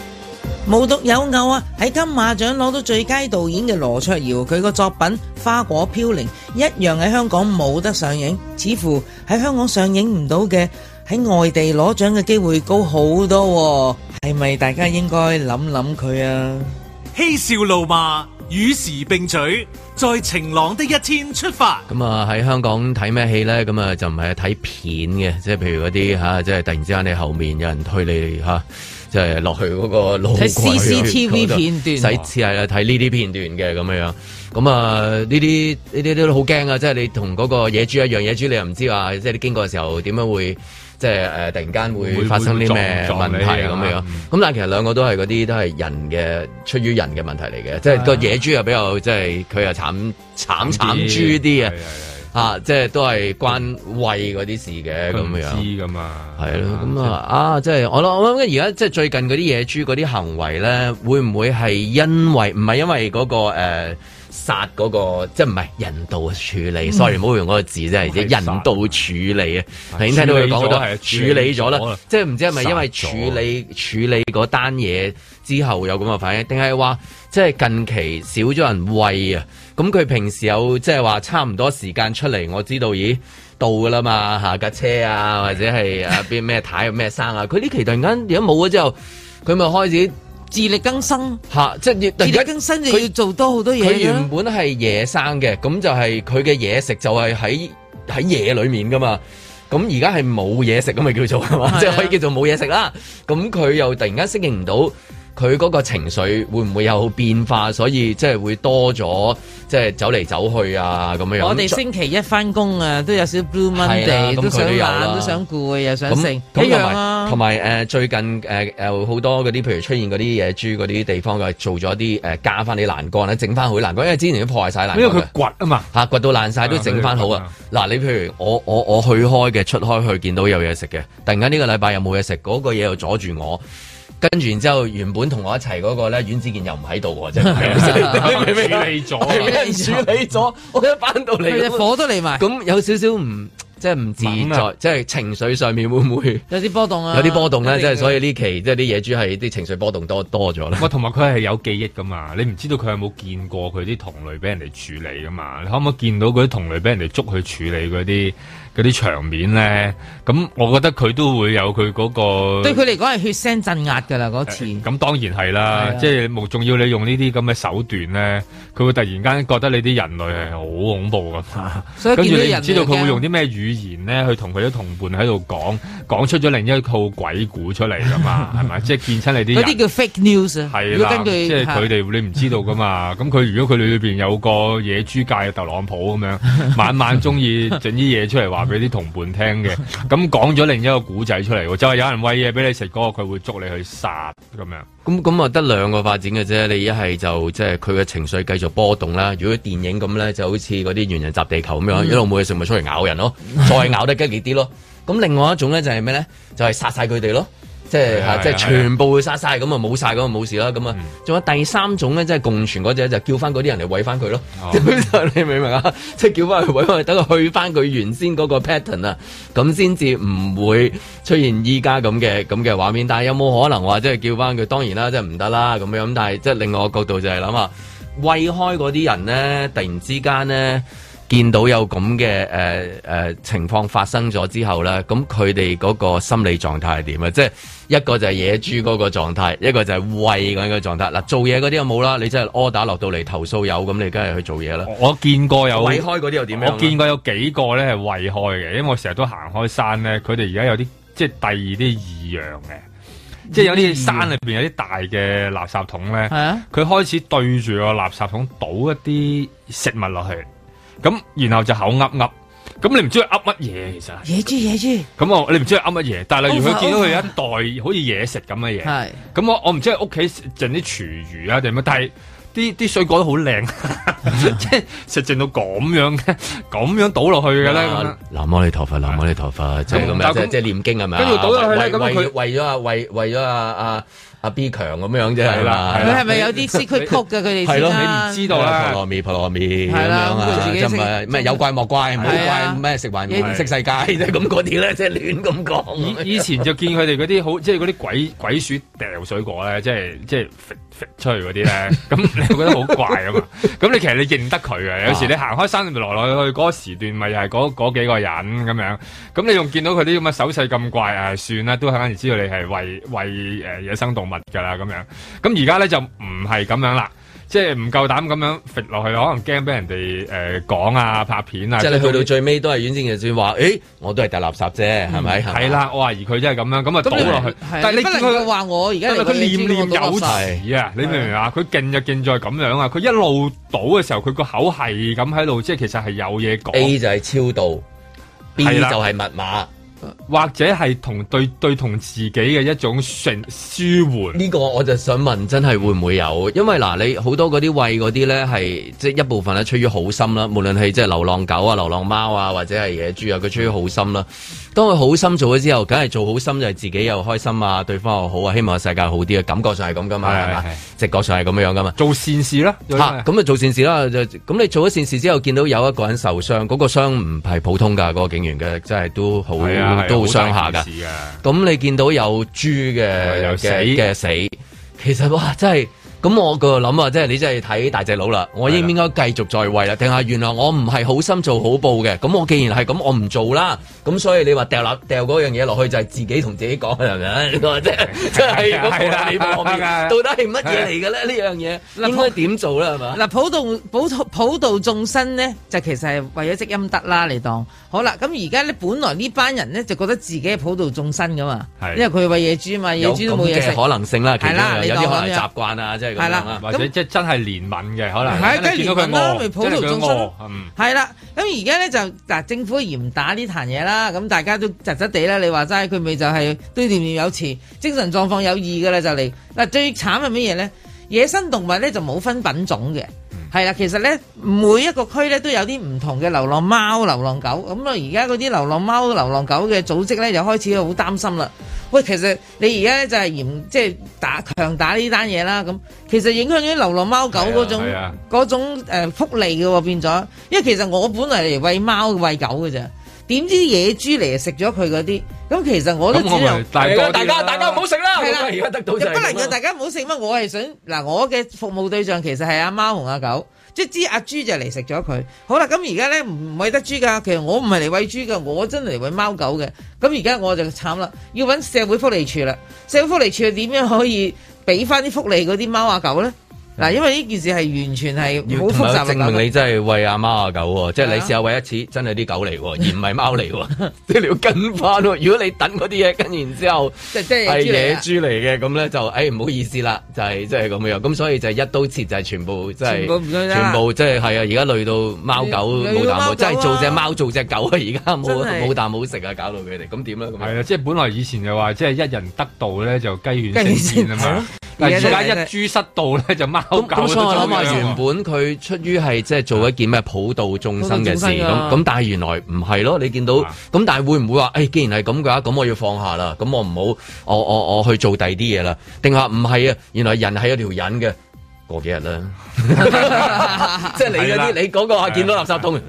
D: 無獨有偶啊！喺金馬獎攞到最佳導演嘅羅卓瑤，佢個作品《花果飄零》一樣喺香港冇得上映，似乎喺香港上映唔到嘅喺外地攞獎嘅機會高好多，啊，係咪大家應該諗諗佢啊？
A: 嬉笑怒罵，與時並舉，在晴朗的一天出發。
B: 咁啊，喺香港睇咩戲呢？咁啊，就唔係睇片嘅，即係譬如嗰啲吓，即係突然之間你後面有人推你吓。啊即係落去嗰個路軌，睇 CCTV 片段，使似係睇呢啲片段嘅咁樣。咁啊，呢啲呢啲都好驚啊！即係你同嗰個野豬一樣，野豬你又唔知話，即係你經過嘅時候點樣會，即係誒突然間會發生啲咩問題咁樣。咁但係其實兩個都係嗰啲都係人嘅，出於人嘅問題嚟嘅。即係個野豬又比較即係佢又慘慘慘，慘豬啲啊。對對對。啊，即係都係關餵嗰啲事嘅咁樣，知噶嘛？係咯，咁啊，啊，即係我諗，我諗，而家即係最近嗰啲野豬嗰啲行為咧，會唔會係因為唔係因為嗰個誒殺嗰個，即係唔係人道處理，嗯？sorry，唔好用嗰個字，即係人道處理啊！頭先聽到佢講處理咗啦，即係唔知係咪因為處理處理嗰單嘢之後有咁嘅反應，定係話即係近期少咗人餵啊？咁佢平時有即係話差唔多時間出嚟，我知道咦到噶啦嘛，下架車啊，或者係啊邊咩太咩生啊，佢呢期突然間如果冇咗之後，佢咪開始自力更生，吓、啊、即係突然間佢要做多好多嘢。佢原本係野生嘅，咁就係佢嘅嘢食就係喺喺野裏面噶嘛，咁而家係冇嘢食咁咪叫做係嘛，即、就、係、是就是、可以叫做冇嘢食啦。咁佢、啊、又突然間適應唔到。佢嗰個情緒會唔會有好變化？所以即係會多咗，即係走嚟走去啊咁樣。我哋星
D: 期一翻工啊，都有少少 blue Monday 都想玩，都想攰、啊，又想食。
B: 同埋、啊呃、最近誒好多嗰啲，譬、呃、如出現嗰啲野豬嗰啲地方，佢做咗啲誒加翻啲欄杆咧，整翻好欄杆，因為之前都破壞晒欄杆。因為佢掘啊嘛，嚇、啊、掘到爛晒都整翻好啊！嗱，你譬如我我我去開嘅出開去見到有嘢食嘅，突然間呢個禮拜又冇嘢食，嗰個嘢又阻住我。跟住，然之後原本同我一齊嗰個咧，阮子健又唔喺度喎，真係處理咗，處理咗，我
C: 一翻到嚟火都嚟埋，咁
B: 有少少唔。即係唔自在，嗯，即係情緒上面會唔會有啲波動啊？有啲波動咧、啊，即係所以呢
C: 期即係啲野豬係啲情緒波動多多咗啦。我同埋佢係有記憶噶嘛？你唔知道佢有冇見過佢啲同類俾人哋處理噶嘛？你可唔可以見到佢啲同類俾人哋捉去處理嗰啲嗰啲場面咧？咁我覺得佢都會有佢嗰，嗰個對佢嚟
D: 講係血腥鎮壓㗎啦嗰次。
C: 咁、哎、當然係啦，啊、即係仲要你用呢啲咁嘅手段咧，佢會突然間覺得你啲人類係好恐怖咁。跟 住你知道佢會用啲咩語？自然咧，去同佢啲同伴喺度講，講出咗另一套鬼故出嚟噶嘛，係 咪？即係見親你啲有啲
D: 叫 fake news，係啦，即係佢哋
C: 你唔知道噶嘛。咁 佢如果佢裏邊有個野豬界嘅特朗普咁樣，晚晚中意整啲嘢出嚟話俾啲同伴聽嘅，咁講咗另一個故仔出嚟，就係、是、有人餵嘢俾你食嗰個，佢會捉你去殺咁樣。咁咁啊，得兩個發展嘅啫。你一係就即係佢嘅情
B: 緒繼續波動啦。如果電影咁咧，就好似嗰啲猿人襲地球咁樣，嗯、一路冇嘢食咪出嚟咬人咯、嗯，再咬得激烈啲咯。咁 另外一種咧就係咩咧？就係、是就是、殺晒佢哋咯。即係即係全部會殺晒，咁啊冇晒，咁啊冇事啦。咁啊，仲有第三種咧，即係共存嗰隻，就是、叫翻嗰啲人嚟餵翻佢咯。Oh. 你明唔明啊？即、就、係、是、叫翻佢餵佢，等佢去翻佢原先嗰個 pattern 啊，咁先至唔會出現依家咁嘅咁嘅畫面。但係有冇可能話，即係叫翻佢？當然啦，即係唔得啦。咁樣咁，但係即係另外個角度就係諗下：餵開嗰啲人咧，突然之間咧。見到有咁嘅，誒誒情況發生咗之後咧，咁佢哋嗰個心理狀態係點啊？即係一個就係野豬嗰個狀態，一個就係餵嗰個狀態。嗱、啊，做嘢嗰啲有冇啦，你真係 order 落到嚟投
C: 訴有，咁你梗係去做嘢啦。我見過有餵開嗰啲又點樣？我見過有幾個咧係餵開嘅，因為我成日都行開山咧，佢哋而家有啲即係第二啲異樣嘅，即係有啲山裏邊有啲大嘅垃圾桶咧，佢、嗯、開始對住個垃圾桶倒一啲食物落去。咁，然後就口噏噏，咁你唔知佢噏乜嘢其實，野豬野豬，咁我你唔知佢噏乜嘢，但係例如佢見到佢一袋、哦、好似嘢食咁嘅嘢，咁我我唔知屋企整啲廚餘啊定乜，但係啲啲水果都好靚，即係食剩到咁樣嘅，咁樣倒落去嘅咧咁。南無阿彌陀佛，南無阿彌陀佛，即係咁樣，即係念經係咪？跟住倒落去咧，咁佢
B: 為咗啊，為為
D: 咗啊啊。
B: 阿 B 強咁樣啫，係啦。佢係咪有啲
D: book 嘅佢哋係咯，你唔知道啦。婆
B: 羅咪，
C: 婆羅咪。
D: 係啦，咁佢自己
B: 就唔係，
C: 有怪莫怪，
B: 唔好怪咩食還，唔識世界啫咁嗰啲咧，即係亂
C: 咁講。以前就見佢哋嗰啲好，即係嗰啲鬼鬼鼠掉水果咧，即係即係出嚟嗰啲咧，咁 你覺得好怪啊嘛？咁 你其實你認得佢嘅，有時你行開山路路，你來來去去嗰時段就，咪又係嗰幾個人咁樣。咁你仲見到佢啲咁嘅手勢咁怪啊？算啦，都肯知道你係餵野生動物。物噶啦咁樣，咁而家咧，就唔係咁樣啦，即係唔夠膽咁樣 fit 落去，可能驚俾人哋誒講啊，拍片啊。即係你去到最尾都係軟先，就算話，誒，我都係丟垃圾啫，係咪？係啦，我懷疑佢真係咁樣，咁啊倒落去。
D: 但係你見佢話我而家佢念念有詞啊，你
C: 明唔明啊？佢勁就勁在咁樣啊，佢一路倒嘅時候，佢個口係咁喺度，即係其實係有嘢講。A 就係超度，B 就係密碼。或者係同對對同自己嘅一種舒緩呢、個我就想問，真係會唔會有？因為嗱，你好多嗰啲喂嗰啲
B: 咧，係即係一部分咧出於好心啦。無論係即係流浪狗啊、流浪貓啊，或者係野豬啊，佢出於好心啦。當佢好心做咗之後，梗係做好心就係自己又開心啊，對方又好啊，希望世界好啲啊，感覺上係咁噶嘛，直覺上係咁樣噶嘛？做善事啦，咁啊，啊就做善事啦，咁你做咗善事之後，見到有一個人受傷，嗰、個傷唔係普通噶，嗰、個警員嘅真係都好、啊。都好傷下㗎，咁你見到有豬嘅死嘅死，其實哇，真係～咁我個諗啊，即係你真係睇大隻佬啦，我應唔應該繼續在位啦？定係原來我唔係好心做好報嘅？咁我既然係咁，我唔做啦。咁所以你話掉掉嗰樣嘢落去就， 就係自己同自己講係咪？你話即係係啦，係啦，到底係乜嘢嚟㗎呢？呢樣嘢應該點做啦係嘛？
D: 嗱，普度普度普度眾生呢，就其實係為咗積陰德啦。你當好啦。咁而家呢，本來呢班人呢，就覺得自己係普度眾生噶嘛，因為佢餵野豬啊嘛，野豬都冇嘢可能性啦，係啦，有啲可能習慣
C: 啊，係啦， 或者即真係憐憫嘅可能，係啊，跟住如果咪普通中心
D: 係啦。咁而家咧就嗱，政府嚴打呢壇嘢啦。咁大家都窒窒地啦，你話齋佢咪就係對念念有詞，精神狀況有異嘅啦，就嚟嗱。最慘係乜嘢咧？野生動物咧就冇分品種嘅。係啦，其實咧每一個區咧都有啲唔同嘅流浪貓、流浪狗，咁啊而家嗰啲流浪貓、流浪狗嘅組織咧就開始好擔心啦。喂，其實你而家就係嚴即係打強打呢單嘢啦，咁其實影響咗啲流浪貓狗嗰種嗰種誒、呃、福利嘅喎、哦、變咗，因為其實我本來嚟餵貓餵狗嘅啫。點知野豬嚟食咗佢嗰啲？咁其實我都只有大，大家大家大家唔好食啦！係啦，而家得到就不能夠大家唔好食乜。我係想嗱，我嘅服務對象其實係阿貓同阿狗，即知阿豬就嚟食咗佢。好啦，咁而家咧唔餵得豬噶，其實我唔係嚟餵豬噶，我真係嚟餵貓狗嘅。咁而家我就慘啦，要搵社會福利處啦。社會福利處點樣可以俾翻啲福利嗰啲貓啊狗咧？嗱，因為呢件事係完全係好複雜嘅，證明你
B: 真係喂阿貓阿狗，啊啊，即係你試下喂一次，真係啲狗嚟，而唔係貓嚟，即 你要跟翻。如果你等嗰啲嘢跟，完之後係、
D: 就是就是、野豬
B: 嚟嘅，咁咧就誒唔、哎、好意思啦，就係即係咁樣。咁所以就一刀切就，就係、是、全部即係、啊、全部
C: 即係係啊！而家累到貓狗冇啖好，即係做隻貓、啊、做隻狗啊！而家冇冇啖好食啊，搞到佢哋咁點咧？咁係啊！即係本來以前就話即係一人得道咧就雞犬升天
B: 啊嘛。嗱，而家一
C: 豬失道咧就貓、是？ 咁咁所以咁原本佢
B: 出於係即係做一件咩普度眾生嘅事咁，咁、啊、但係原來唔係咯，你見到咁，但係會唔會話誒、哎、既然係咁嘅話，咁我要放下啦，咁我唔好我我我去做第二啲嘢啦，定話唔係啊？原來人係有條隱嘅。過幾日啦，
D: 即係你嗰啲，你嗰個啊，見到垃圾
B: 桶，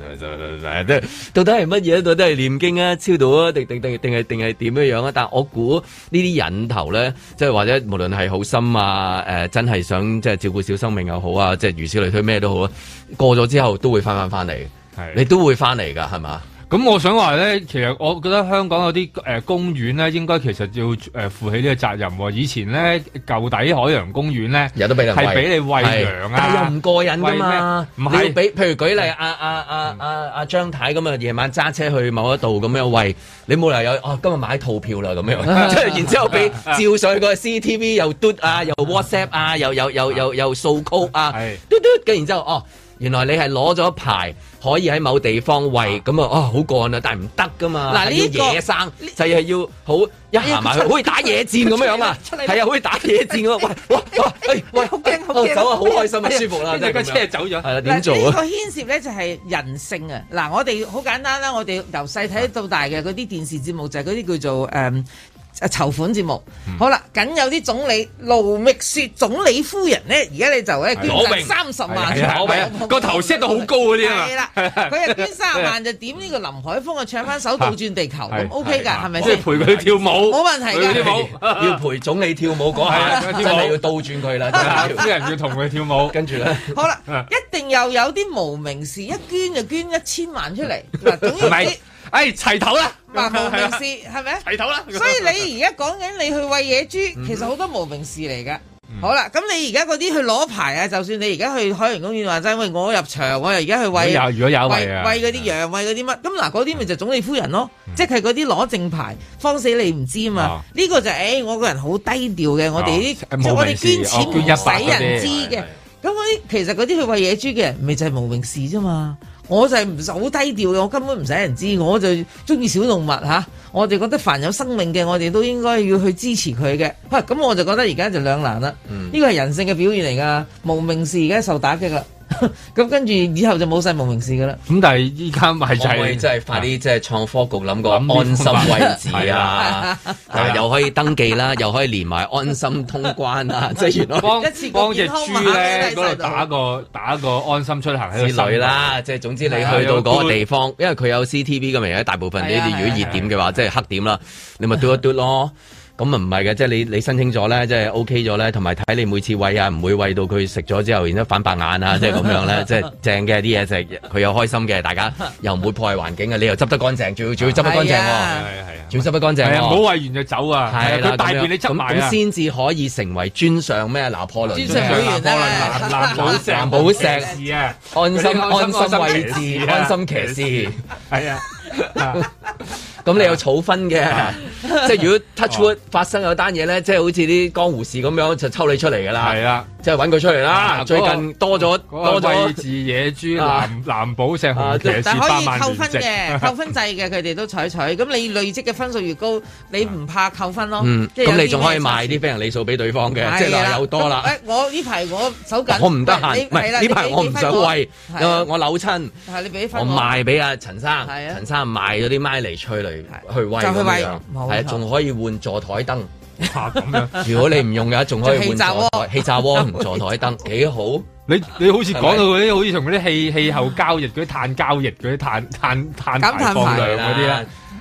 B: 到底係乜嘢？到底係念經啊，超度啊，定定定定係定係點樣樣啊？但係我估呢啲引頭咧，即係或者無論係好心啊，誒、呃，真係想即係照顧小生命又好啊，即係如此類推咩都好啊，過咗之後都會翻翻翻嚟，你都會翻嚟噶，係嘛？
C: 咁我想話咧，其實我覺得香港有啲誒、呃、公園咧，應該其實要誒、呃、負起呢個責任。以前咧，舊底海洋公園咧，日都俾人係俾你餵羊啊，但又唔
B: 過癮噶嘛。你俾譬如舉例阿阿阿阿
C: 阿張太咁啊，夜晚揸車去某一
B: 度咁樣餵，你冇理由有哦、啊，今日買套票啦咁樣， 然之後俾照上去個 C T V 又嘟 啊，又 WhatsApp 啊，又又又又又掃 code 啊，嘟嘟跟然之後哦，原來你係攞咗牌。可以喺某地方喂咁啊，啊、就是、啊，好幹啊，但係唔得噶嘛。嗱呢啲野生就係要好一行埋去，好似打野戰咁樣啊，係、哎、啊，好似打野戰喎。喂喂喂喂，好驚好驚！走、哎、啊，好開心啊，舒服啦，跟、哎、住、哎、走咗。係、哎、啦，點做啊？呢、這個
D: 牽涉咧就係人性啊。嗱，我哋好簡單啦，我哋由細睇到大嘅嗰啲電視節目就係嗰啲叫做、um, 誒，籌款節目、嗯、好啦，梗有啲總理盧覓雪，總理夫人咧，而家你就捐三十萬，、啊、萬，個頭升到好高嗰啲啊！啦，佢係捐三十萬就點呢個林海峰手啊，唱翻首倒轉地球咁 OK 噶，係咪？即係陪佢跳舞，冇問題噶，陪 要
B: 陪總理跳舞嗰係啊，我 哋要倒轉佢啦，啲 人要同佢跳舞， 跟住咧，好啦，
D: 一定又有啲無名氏一捐就捐一千萬出嚟嗱， 總之要是。 誒、哎，
C: 齊頭啦，無名氏
D: 係咪？齊、啊、頭啦，所以你而家講緊你去喂野豬、嗯，其實好多無名氏嚟㗎。好啦，咁你而家嗰啲去攞牌啊，就算你而家去海洋公園話齋，喂我入場，我又而家去喂，如果有喂啊，喂嗰啲羊，喂嗰啲乜，咁嗱嗰啲咪就總理夫人咯，嗯、即係嗰啲攞正牌，放死你唔知啊嘛。呢、哦這個就誒、是哎，我個人好低調嘅、哦，我哋啲即係我哋捐錢唔、哦、使人知嘅。咁嗰啲其實嗰啲去喂野豬嘅人，咪就係、是、無名氏啫嘛。我就係唔好低調嘅，我根本唔使人知，我就中意小動物、啊、我哋覺得凡有生命嘅，我哋都應該要去支持佢嘅。咁、啊、我就覺得而家就兩難啦。呢個係人性嘅表現嚟噶，無名氏而家受打擊啦。咁 跟住以後就冇晒無名事噶啦。
B: 咁但係依家咪就係即係快啲即係創科局諗過安心位置啊， 又可以登記啦， 又可以連埋安心通關啦、啊， 即係原來一次幫幫隻豬咧嗰度打
C: 個打個安心出行之旅啦。即係總
B: 之你去到嗰個地方，啊、因為佢有 C T V 咁樣，大部分你如果熱點嘅話，啊啊、即係黑點啦、啊，你咪嘟一嘟咯。 咁啊唔係嘅，即係你你申請咗咧，即係 OK 咗咧，同埋睇你每次餵啊，唔會餵到佢食咗之後，然之後反白眼啊，即係咁樣咧，即 係正嘅啲嘢，食，佢又開心嘅，大家又唔會破壞環境嘅，你又執得乾淨，仲要仲要執得乾淨，喎、啊，啊係、哎、仲要執得乾淨。唔好冇餵
C: 完就走啊。係啦、啊，咁樣咁先至
B: 可以成為尊上咩？拿破侖，尊上拿寶、啊、石，石安心
C: 安心，安心，位置安，心，安，心安心騎士，
B: 啊。 哎咁你有草分嘅， 即係如果 touch wood 發生有單嘢咧， 即係好似啲江湖事咁樣就抽你出嚟噶啦。係啊。即係揾佢出嚟啦、啊！最近多咗、嗰個，多咗、嗰個、位
C: 置野豬藍藍寶石紅
B: 騎士、啊、但可以扣分嘅，
D: 扣分制嘅，佢哋都採取，取。咁你累積嘅分數越高，你唔怕扣分咯。咁、嗯、你仲可以賣啲
C: 飛行
B: 里數俾對方嘅，即係話有多啦。
D: 我呢排、啊、我手緊，我唔得閒，呢排我唔想喂，我扭親、啊，我賣俾阿陳生，啊、陳生
B: 賣咗啲咪嚟吹嚟去喂，係仲、啊、可以換座台燈。
D: 咁樣！如
B: 果
C: 你唔用嘅話，仲可以換座台、氣炸鍋，同坐台燈，幾 好。你你好似講到嗰啲， 好似同嗰啲氣氣候交易嗰啲碳交易嗰啲碳碳碳排放量嗰啲咧。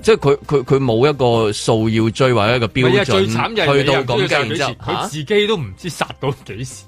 B: 即係佢佢佢冇一個數要追或一個標準，啊、去到咁嘅，然
C: 之後佢自己都唔知殺到幾時。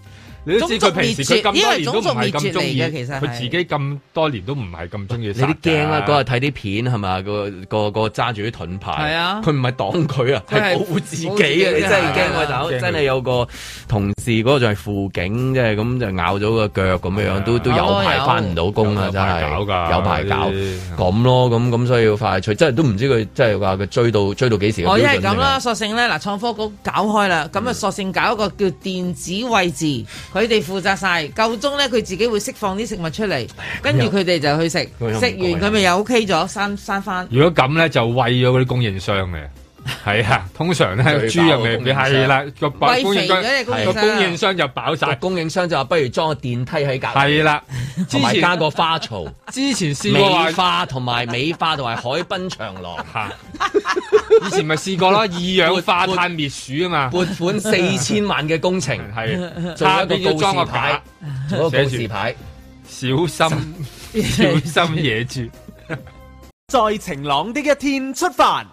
C: 你都知佢種族滅絕，因為種族滅絕嚟嘅，其實佢自己咁多年都唔係咁中意。你啲驚啦，嗰日睇啲片係咪個
B: 個個揸住啲盾牌，係啊，佢唔係擋佢啊，係保護自己啊！你真係驚我走，真係有個同事嗰個就係輔警即係咁就咬咗個腳咁樣樣，都都有排返唔到工啊！真係有排搞咁咯，咁咁所以要快脆，真係都唔知佢，即係話佢追到追到幾時。我係咁啦，
D: 索性咧嗱，創科局搞開啦，咁啊索性搞一個叫電子位置。佢哋負責晒夠鐘咧佢自己會釋放啲食物出嚟，跟住佢哋就去食，食完佢咪又 OK 咗，生生翻。
C: 如果咁咧，就喂咗嗰啲供應商嘅，係 啊，通常咧豬入嚟你係啦，個供應商個供應商就飽晒，供應商、啊啊、就話不如裝個
B: 電梯喺隔籬，係啦、
C: 啊，之前加個
B: 花槽，之前試過話同埋美化同埋海濱長
C: 廊嚇。 以前咪試過咯，二氧化碳滅鼠啊嘛，撥款四千萬嘅工程係，差 咗個告示牌，做個，牌，
A: 寫做個
C: 牌，小心 小心野惹豬，
A: 再晴朗啲嘅一
D: 天出發。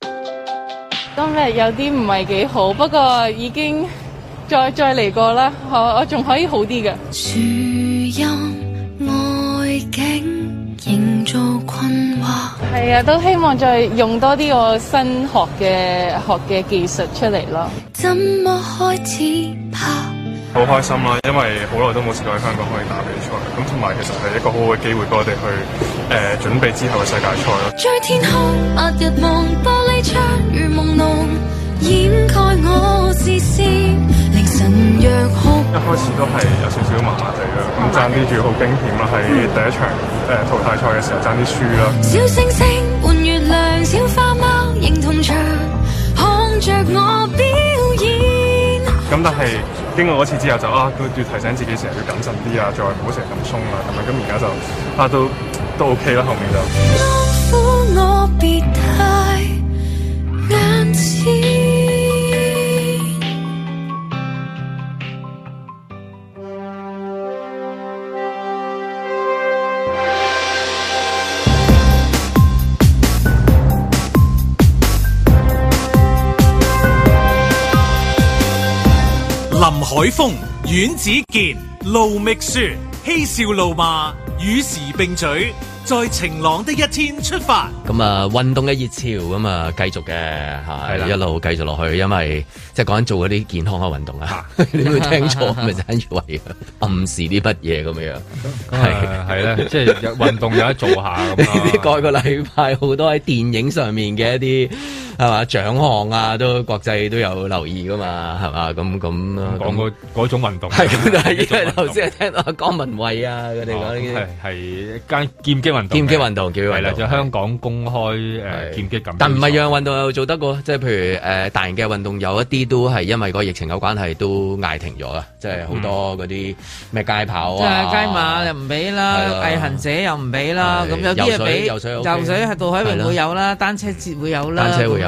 D: 今日有啲唔係幾好，不過已經再再嚟過啦，我我仲可以好啲嘅。主係啊，都希望再用多啲我新學嘅學嘅技術出嚟咯。怎
A: 麼開始拍？
C: 好開，開心啦，因為好耐都冇試過喺香港可以打比賽，咁同埋其實係一個好好嘅機會俾我哋去誒、呃、準備之後嘅世
E: 界賽咯。
A: 一
C: 開始都係有少少麻麻地啦，咁爭啲住好驚險啦，喺第一場誒、呃、淘汰賽嘅時候爭啲輸啦。
A: 小星星伴月亮，小花貓仍同場看着我表演。
C: 咁但係經過嗰次之後就啊，要提醒自己成日要謹慎啲啊，再唔好成日咁鬆啦，係咪？咁而家就啊都都 OK 啦，後面就。
A: 安撫我別太眼林海峰、阮子健、盧覓雪、嬉笑怒罵、與時並舉、在晴朗的一天出發。
B: 咁啊，運動嘅熱潮，咁啊，繼續嘅係啦，一路繼續落去，因為即係講緊做嗰啲健康嘅運動啦。啊、 你唔會聽錯，咪就係以為暗示呢筆嘢咁樣樣？
C: 係係咧，即係有運動有得做下。呢啲
B: 改個禮拜，好多喺電影上面嘅一啲。係嘛獎項啊，都國際都有留意噶嘛，
C: 係嘛。咁咁講過嗰種運動，係，係
B: 頭先聽到江文慧啊
C: 佢哋講啲係，係一間劍擊運動，劍擊運動叫係啦，就香港公開誒劍擊咁。
B: 但唔係樣運動又做得過，即係譬如誒大型嘅運動有一啲都係因為個疫情有關係都嗌停咗啦，即係好多嗰啲咩街跑啊，街馬
D: 又唔俾啦，毅行者又唔俾啦，咁有啲嘢俾游水喺渡海泳會有啦，單車節會有啦，單車會有。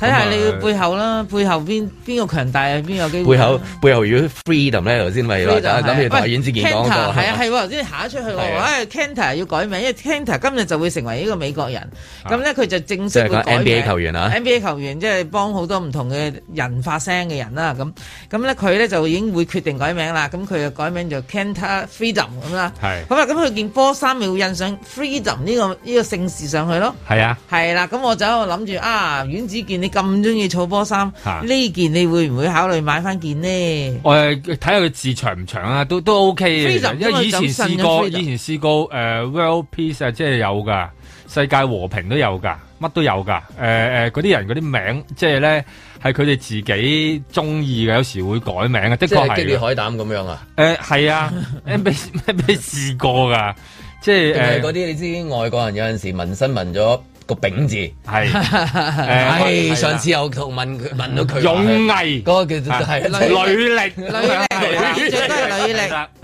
B: 睇下你背
D: 後啦，背後邊邊個強大啊？邊有機會背後
B: 背後如果 freedom 咧頭先咪講，咁大阮子健講嗰個係啊係
D: 喎，先下出去喎，唉、哎、，canta 要改名，因為 canta 今日就會成為呢個美國人，咁咧佢就正式會改、啊就是、NBA 球員啦、啊、，NBA 球員即係、就是、幫好多唔同嘅人發聲嘅人啦，咁咁咧佢咧就已經會決定改名啦，咁佢就改名叫做 freedom, 那那就 canta freedom 咁啦。好啦，咁佢見波衫咪會印上 freedom 呢、這個呢、這個姓氏上去咯。係啊。係啦，咁我就諗住啊，阮子健呢。咁中意草波衫，呢、啊、件你會唔會考慮買翻件呢？
C: 我睇下佢字長唔長啊，都都 OK 嘅。因為以前試過，以前試過誒、uh,，World Peace 啊，即係有噶，世界和平都有噶，乜都有噶。誒誒，嗰啲人嗰啲名，即係咧係佢哋自己中意嘅，有時會改名啊。的確係。即係激烈海膽咁樣啊？誒，係啊，咩咩試過噶？ 即係
B: 誒，嗰、uh, 啲你知外國人有陣時紋身紋咗。個丙字
D: 係、呃，上次
B: 有同問佢問到佢勇毅嗰、嗰個叫做係女力，女力、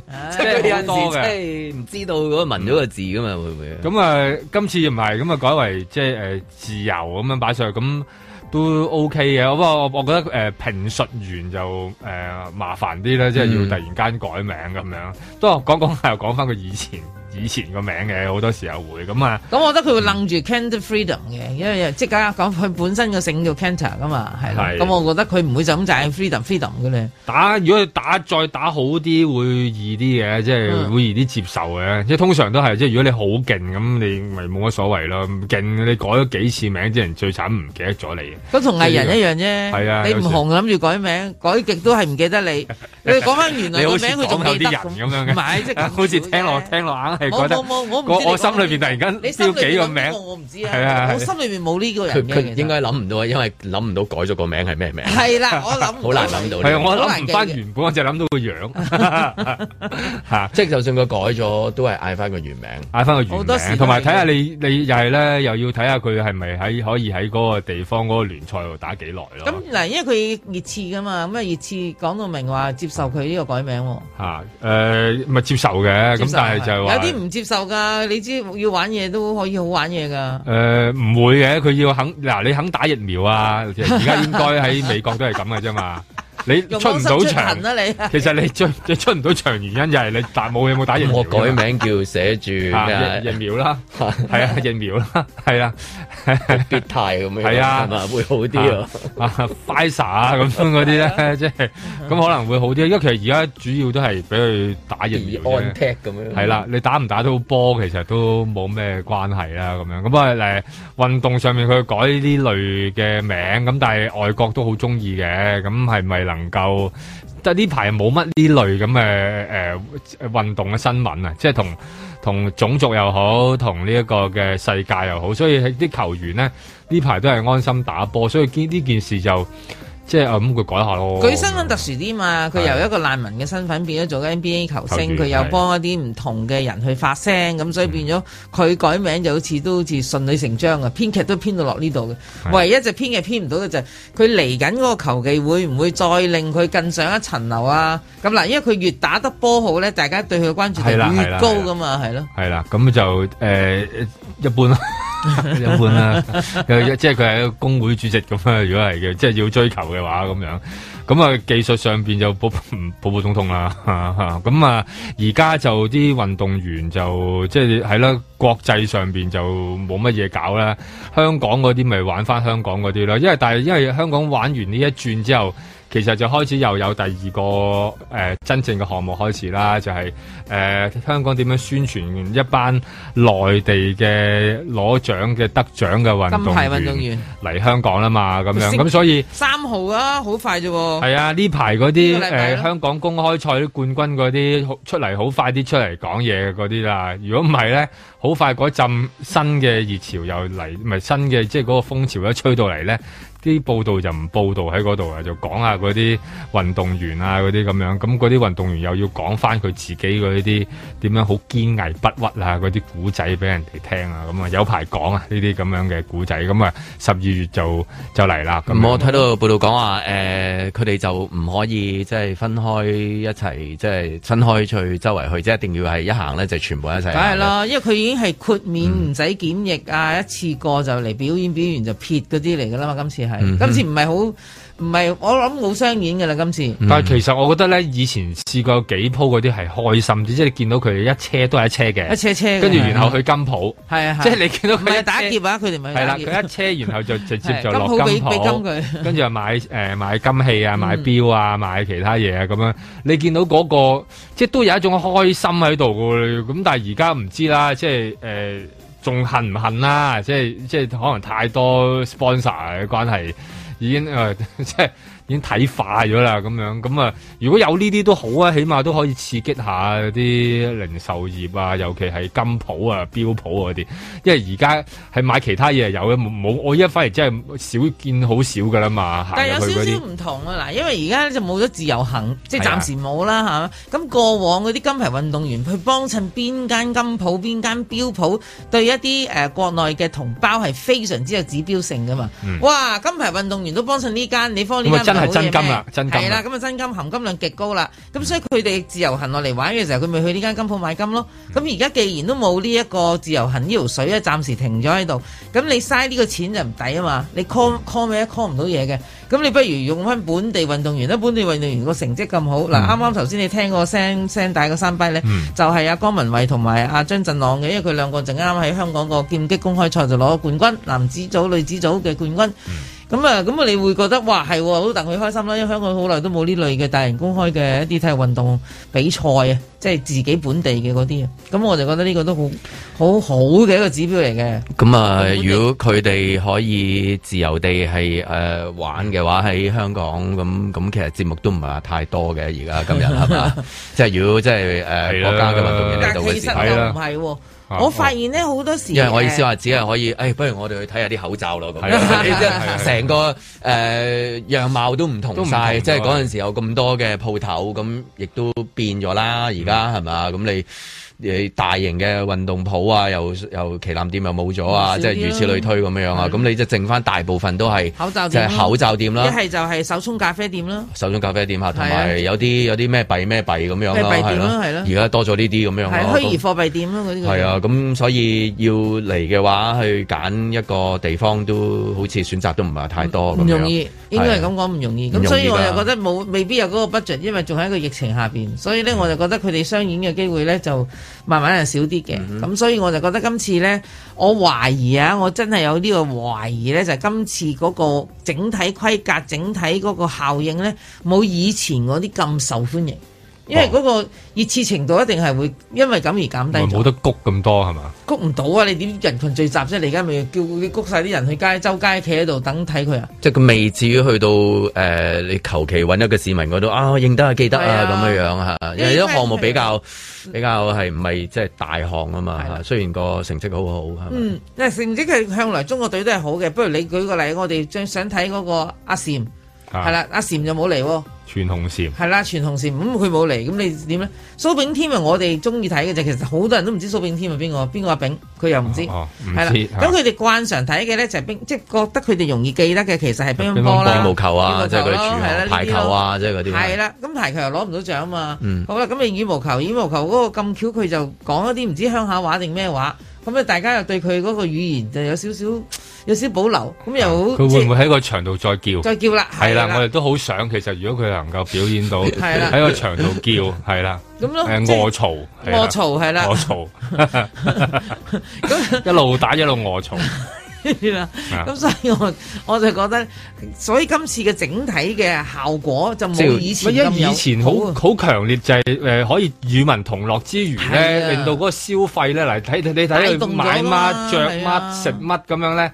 B: 嗯、真係女力，
A: 即係有陣即係唔
C: 知道嗰文咗個字㗎嘛，會唔會？咁、嗯、啊、嗯嗯呃，今次唔係咁啊，改為即係誒自由咁樣擺上去、ok，咁都 OK 嘅。不過我我覺得誒評述員就誒麻煩啲啦，即、嗯、係要突然間改名咁樣，不過講講下又講翻佢以前。以前個名嘅好多時候會咁啊，
D: 咁、嗯、我覺得佢會楞住 Candid Freedom 嘅，因為即係講講佢本身個姓叫 Cantor 噶嘛，係啦。咁我覺得佢唔會就咁就係 Freedom Freedom 嘅咧。打，如果，
C: 打，打、嗯、如果你打再打好啲會易啲嘅，即係會易啲接受嘅。即係通常都係，即係如果你好勁咁，你咪冇乜所謂咯。勁你改咗幾次名，啲人最慘唔記得咗你。都同藝人一樣啫，係啊，你唔紅
D: 諗住改名改極都係唔記得你。你講翻原來個名佢仲有啲人記得。唔係，即 係、
C: 就是、 好似聽落 聽落硬
D: 沒沒我我我我我心裏邊，
C: 突然間
B: 要幾個名，
D: 係啊，啊！我心裏邊冇呢個人。佢佢應該
B: 諗唔到，因為諗唔到改咗個名係咩名。係 啦、
D: 啊，我好到，難諗到、啊。我諗唔翻原
C: 本，我就諗到個樣嚇。即 就算佢改咗，都係嗌翻個原名，嗌 翻個原名。好多時同埋睇下你你又係咧，又要睇下佢係咪喺可以喺嗰個地方嗰個聯賽度打幾耐咯。
D: 咁 嗱，因為佢熱刺㗎嘛，咁啊熱刺講到明話接受佢呢個改名喎、
C: 哦。嚇、啊、咪、呃、接受嘅。咁但係就係唔
D: 接受噶，你知要玩嘢都可以好玩嘢噶。
C: 誒、呃，唔會嘅，佢要肯嗱，你肯打疫苗啊！而 家應該喺美國都係咁嘅啫嘛。 你出唔到場啦，
D: 你其實你
C: 出你出唔到場，原因就係你但冇有冇打疫苗？我改名叫寫住疫苗啦，係啊疫苗啦，係啊別態
B: 咁樣係啊，會好啲啊，啊
C: FISA 啊咁樣嗰啲咧，即係咁可能會好啲，因為其實而家主要都係俾佢打疫苗啫。咁樣係啦，你打唔打到波，其實都冇咩關係啦。咁樣咁啊，誒運動上面佢改呢啲類嘅名，咁但係外國都好中意嘅，咁係咪能？能夠即係呢排冇乜呢類咁嘅，誒運動嘅新聞啊，即係同同種族又好，同呢一個嘅世界又好，所以啲球員呢，呢排都係安心打波，所以呢件事就。即係咁佢改下咯。佢身
D: 份特殊啲嘛？佢由一個難民嘅身份變咗做 NBA 球星，佢又幫一啲唔同嘅人去發聲，咁所以變咗佢改名就好似都好似順理成章啊！嗯、編劇都編到落呢度嘅，唯一就編劇編唔到嘅就係佢嚟緊嗰個球技會唔會再令佢更上一層樓啊？咁嗱，因為佢越打得波好咧，大家對佢嘅關注度越高噶嘛，係咯。
C: 係啦，咁就誒、呃，一般啦。
D: 一般啦、
C: 啊，即係佢係一個工會主席咁，如果係嘅，即係要追求嘅話咁樣，咁啊技術上邊就普普普通通啦。咁啊，而家就啲運動員就即係係啦，國際上邊就冇乜嘢搞啦。香港嗰啲咪玩翻香港嗰啲啦，因為但係因為香港玩完呢一轉之後。其實就開始又有第二個誒、呃、真正嘅項目開始啦，就係、是、誒、呃、香港點樣宣傳一班內地嘅攞獎嘅得獎嘅運動員嚟香港啦嘛，咁樣咁所以
D: 三號啊，好快啫喎！係啊，
C: 呢排嗰啲香港公開賽啲冠軍嗰啲出嚟好快啲出嚟講嘢嗰啲啦，如果唔係咧，好快嗰陣新嘅熱潮又嚟，唔係新嘅即係嗰個風潮一吹到嚟咧。啲報道就唔報道喺嗰度啊，就講下嗰啲運動員啊嗰啲咁樣，咁嗰啲運動員又要講翻佢自己嗰啲點樣好堅毅不屈啊嗰啲古仔俾人哋聽啊咁啊有排講啊呢啲咁樣嘅古仔，咁啊十二月就就嚟啦。咁我睇到報道講話
B: 誒，佢、嗯、哋、呃、就唔可以即係、就是、分開一齊，即、就、係、是、分開去周圍去，即、就是、一定要係一行咧就全部一齊。係咯，因
D: 為佢已經係豁免唔使檢疫啊、嗯，一次過就嚟表演，表演就撇嗰啲嚟㗎啦嘛，今次係。嗯、今次唔係好唔係，我諗冇商演嘅啦。今次，嗯、但係其
C: 實我覺得咧，以前試過幾鋪嗰啲係開心的，即係你見到佢一車都係一車嘅，一車車的，跟住然後去金鋪，係
D: 啊，即係你見到佢唔係打劫啊，佢哋咪係啦，佢一
C: 車然後就直接就落金鋪， 跟住又買誒、呃、買金器啊，買表啊，買其他嘢咁、啊、樣。你見到嗰、那個即係都有一種開心喺度嘅，咁但係而家唔知啦，即係誒。呃仲恨唔恨啦？即係即係，可能太多 sponsor 嘅關係已經，呃，即係。已經睇化咗啦，咁樣咁啊！如果有呢啲都好啊，起碼都可以刺激下啲零售業啊，尤其係金鋪啊、標鋪嗰啲，因為而家係買其他嘢有嘅冇，我而家反而真係少見，好少㗎喇嘛。但係有,有少少唔
D: 同啊，嗱，因為而家就冇咗自由行，即係暫時冇啦吓。咁、啊啊、過往嗰啲金牌運動員去幫襯邊間金鋪、邊間標鋪，對一啲誒、呃、國內嘅同胞係非常之有指標性㗎嘛。嗯、哇！金牌運動員都幫襯呢間，你幫呢間。係真金啦，真金係啦，咁啊真金含金量極高啦，咁、嗯、所以佢哋自由行落嚟玩嘅時候，佢咪去呢間金鋪買金咯。咁而家既然都冇呢一個自由行呢條水咧，暫時停咗喺度，咁你嘥呢個錢就唔抵啊嘛。你 call、嗯、call 咩 call 唔到嘢嘅，咁你不如用翻本地運動員啦。本地運動員個成績咁好，嗱，啱啱頭先你聽個聲聲帶個三呢，嗯、就係、是、阿江文慧同埋阿張震朗嘅，因為佢兩個就啱啱喺香港個劍擊公開賽就攞冠軍，男子組、女子組嘅冠軍。嗯咁啊，咁啊，你會覺得哇，係喎，好戥佢開心啦，因為香港好耐都冇呢類嘅大型公開嘅一啲體育運動比賽啊，即係自己本地嘅嗰啲啊，咁我就覺得呢個都好好好嘅一個指標嚟嘅。
B: 咁啊，如果佢哋可以自由地係誒、呃、玩嘅話，喺香港咁咁，其實節目都唔係話太多嘅，而家今日係嘛？即係、呃、 如果即係誒、呃、國家嘅運動員嚟到嘅時候，其實又唔係
D: 喎。我發現咧好多時，因為我意思話只
B: 係可以，誒、哎，不如我哋去睇下啲口罩咯。咁，成 整個誒、 呃、樣貌都唔同晒，即係嗰陣時有咁多嘅鋪頭，咁亦都變咗啦。而家係咪，咁你。大型嘅運動鋪啊，又又旗艦店又冇咗啊，啊，即係如此類推咁樣啊，咁你就剩翻大部分都係，即係、即係、口罩店啦，一係
D: 就係手沖咖啡店啦，
B: 手沖咖啡店吓，同埋有啲有啲咩幣咩幣咁樣啦，係咯，係咯，而家、啊、多咗呢啲咁樣，係虛擬
D: 貨幣店咯，嗰啲係啊，
B: 咁所以要嚟嘅話，去揀一個地方都好似選擇都唔係太多咁樣，唔容易，應該係咁
D: 講唔容易，咁所以我就覺得冇未必有嗰個 budget，因為仲喺個疫情下邊，所以咧我就覺得佢哋商演嘅機會咧就。慢慢係少啲嘅，咁、嗯、所以我就覺得今次呢，我懷疑啊，我真係有呢個懷疑呢，就係、是、今次嗰個整體規格、整體嗰個效應呢，冇以前嗰啲咁受歡迎。因為嗰個熱刺程度一定係會因為咁而減低，冇
C: 得谷咁多係嘛？
D: 谷唔到啊！你點人群聚集啫？你而家咪叫你谷晒啲人去街周街企喺度等睇佢啊？即
B: 係佢未至於去到誒、呃，你求其揾一個市民嗰度啊，認得啊，記得啊，咁、啊、樣樣吓、啊。因為啲項目比較、啊啊、比較係唔係即係大項啊嘛吓。雖然個成績好好，嗯，因
D: 為成績係向來中國隊都係好嘅。不如你舉個例，我哋最想睇嗰個阿嬋係啦，阿嬋就冇嚟。
C: 全紅
D: 嬋係啦，全紅嬋咁佢冇嚟，咁、嗯、你點咧？蘇炳添係我哋中意睇嘅啫，其實好多人都唔知蘇炳添係邊個，邊個阿炳佢又唔知，係、哦、啦。咁佢哋慣常睇嘅咧就係邊，即、就、係、是、覺得佢哋容易記得嘅，其實係乒乓波啦，羽毛球啊，即係
B: 嗰啲，排球啊，即係嗰啲。係啦，
D: 咁排球又攞唔到獎嘛。嗯。好啦，咁你羽毛球，羽毛球嗰個咁巧，佢就講一啲唔知鄉下話定咩話。咁啊，大家又對佢嗰個語言就有少少有少保留，咁又佢會唔會喺
C: 個場度再叫？再叫啦，係啦，我哋都好想其實，如果佢能夠表演到喺 個場度叫，係 啦，
D: 咁、嗯、咯，誒餓
C: 嘈，餓嘈係啦，餓嘈，咁 一路打一路餓嘈。
D: 啦，咁所以我我就覺得，所以今次嘅整體嘅效果就冇以前咁好。唔係，因為以前好
C: 好強烈就係誒，可以與民同樂之餘咧，令到嗰個消費咧，嚟，睇你睇佢買乜、着乜、食乜咁樣咧，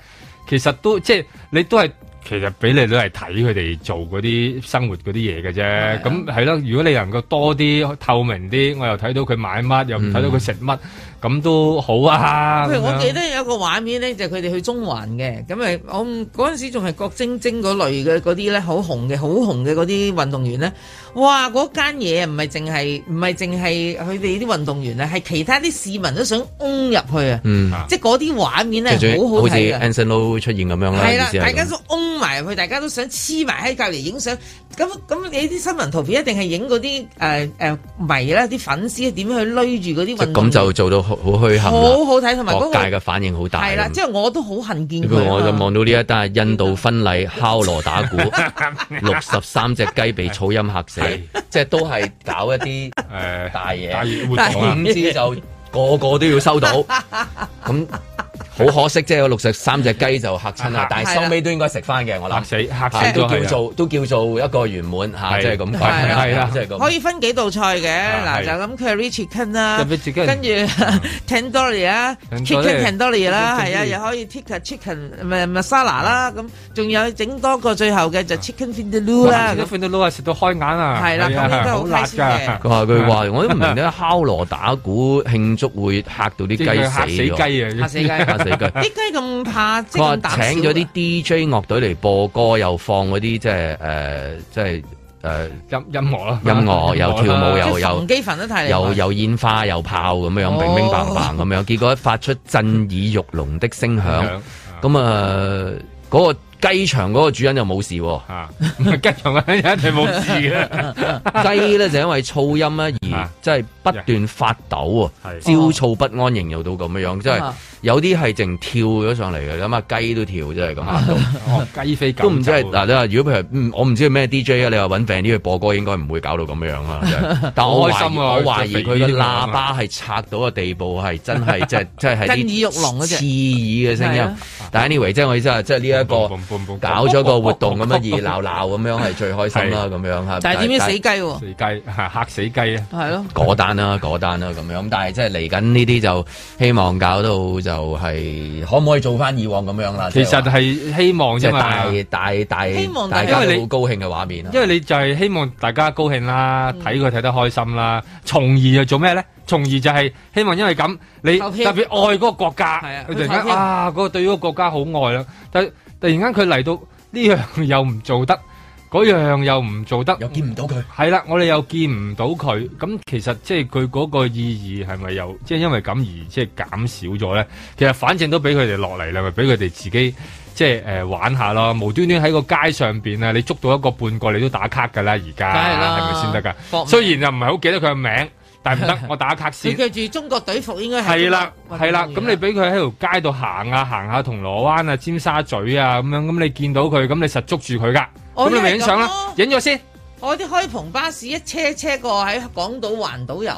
C: 其實都即係你都係。其實俾你都係睇佢哋做嗰啲生活嗰啲嘢嘅啫，咁係咯。如果你能夠多啲透明啲，我又睇到佢買乜，又唔睇到佢食乜，咁、嗯、都好啊。譬如我記得
D: 有一個畫面咧，就係佢哋去中環嘅，咁咪我嗰陣時仲係郭晶晶嗰類嘅嗰啲咧，好紅嘅好紅嘅嗰啲運動員咧。嘩，嗰間嘢唔係淨係唔係淨係佢哋啲運動員啊，係其他啲市民都想擁入去啊！嗯，即係嗰啲畫面呢，好似 Anson
B: Lo 都出現咁樣啦，係啦，大家都
D: 擁埋入去，大家都想黐埋喺隔離影相。咁咁你啲新聞圖片一定係影嗰啲誒迷啦，啲粉絲點樣去攏住嗰啲運動？咁就
B: 做到虛好虛構，好好睇，同埋各界嘅反應好大。係啦，
D: 即係我都好恨見。我就
B: 望到呢一單印度婚禮敲鑼打鼓，
D: 六十
B: 三隻雞被噪音嚇死。 係即係都係搞一啲誒大嘢，但係點知就個個都要收到，咁。好可惜，即係有六十三隻雞就嚇親啦、啊，但係收尾都應該食翻嘅，我諗嚇死嚇死都叫做、啊、都叫做一個圓滿即係咁講啦，咁、啊啊就是啊啊啊。可以
D: 分幾道菜嘅嗱，是啊、就咁佢 rich chicken 啦，跟住 tandoori 啦 tandoori 啦，啊，又可以 tikka chicken 咪 a 沙拿啦，咁仲有整多個最後嘅就 chicken vindaloo 啦，
C: 個 vindaloo 係食到開眼啊，係、啊、啦，咁應該好辣㗎。佢話佢話，我都唔明
B: 點解敲鑼打鼓慶祝會嚇到啲雞死㗎，嚇死雞啲
D: 雞咁怕，我話請咗啲
B: DJ 樂隊嚟播歌， 又放嗰啲即係誒，即係誒
D: 音音樂咯，音樂樂又跳舞又有洪又又
B: 煙花又炮咁樣，乒乒乓乓咁樣，結果發出震耳欲聾的聲、嗯、響，咁啊嗰個。雞場嗰個主人又冇事、啊，喎、啊，雞場嘅人一定冇事嘅。雞咧就因為噪音咧而即係不斷發抖啊，焦躁不安，形容到咁樣。樣、啊、即、就、係、是、有啲係淨跳咗上嚟嘅。你諗下，雞都跳，真係咁。哦，雞飛九九都唔知係嗱，你、啊、如果譬如、嗯、我唔知咩 DJ 啊，你話搵 b 呢 n 播歌，應該唔會搞到咁樣樣、啊、但我心疑，開心啊、我懷疑佢喇叭係拆到個地步真，係、啊、真係即係即係啲耳欲聾嘅聲。刺耳嘅聲音以。但 anyway，即係我意思係即係呢一個。蹦蹦蹦蹦蹦搞咗個活動咁樣熱鬧鬧咁樣係最開心啦，咁樣吓。但係點樣死雞喎？死雞吓，吓死雞啊！係咯，嗰單啦，嗰單啦，咁樣。但係即係嚟緊呢啲就希望搞到就係可唔可以做翻以往咁樣啦？其實係希望即係，大大大，希望大家好高興嘅畫面。
C: 因為你就係希望大家高興啦，睇佢睇得開心啦，從而就做咩咧？從而就係希望，因為咁你特別愛嗰個國家，佢突然間啊，嗰個對於個國家好愛啦，但突然間佢嚟到呢樣又唔做得，嗰樣又唔做得，又見唔到佢。係、嗯、啦，我哋又見唔到佢，咁其實即係佢嗰個意義係咪又即係因為咁而即係減少咗咧？其實反正都俾佢哋落嚟啦，咪俾佢哋自己即係誒玩一下咯。無端端喺個街上邊啊，你捉到一個半個你都打卡噶啦，而家係啦，係咪先得噶？雖然又唔係好記得佢嘅名。但係唔得，我打卡先。佢
D: 住中國隊服應該係。係啦，係啦，咁、啊、你
C: 俾佢喺條街度行啊，行下、啊、銅鑼灣啊，尖沙咀啊咁樣，咁你見到佢，咁你實捉住佢噶。咁、哦、你咪影相啦，影、
D: 就、咗、是、先。我啲開篷巴士一車一車過喺港島環島遊。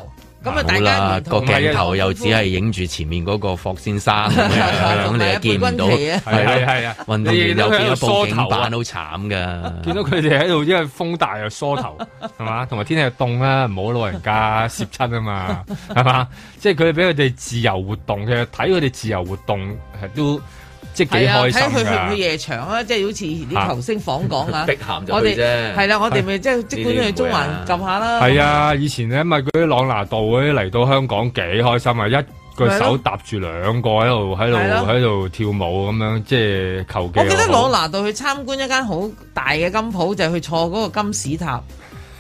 D: 咁啊！大家好啦、個鏡頭又只係
B: 影住前面嗰個霍先生，咁你又見唔到？係呀，係呀，運動員有邊個報警扮好
C: 慘噶？見到佢哋喺度，因為風大又梳頭，係嘛？同 埋天氣又凍啦，唔好老人家攝親啊嘛，係嘛？即係佢俾佢哋自由活動，其實睇佢哋自由活動係都。即幾開睇佢，啊、去唔去夜
D: 場是是啊？即係好似以前啲球星訪港啊！我哋啫，係啦，我哋咪即係即管去中環撳下啦。係啊，
C: 啊！以前咧咪嗰啲朗拿道啲嚟到香港幾開心啊！一個手搭住兩個喺度喺度喺度跳舞咁樣，即係求其。我記得朗
D: 拿道去參觀一間好大嘅金鋪，就係，去坐嗰個金屎塔。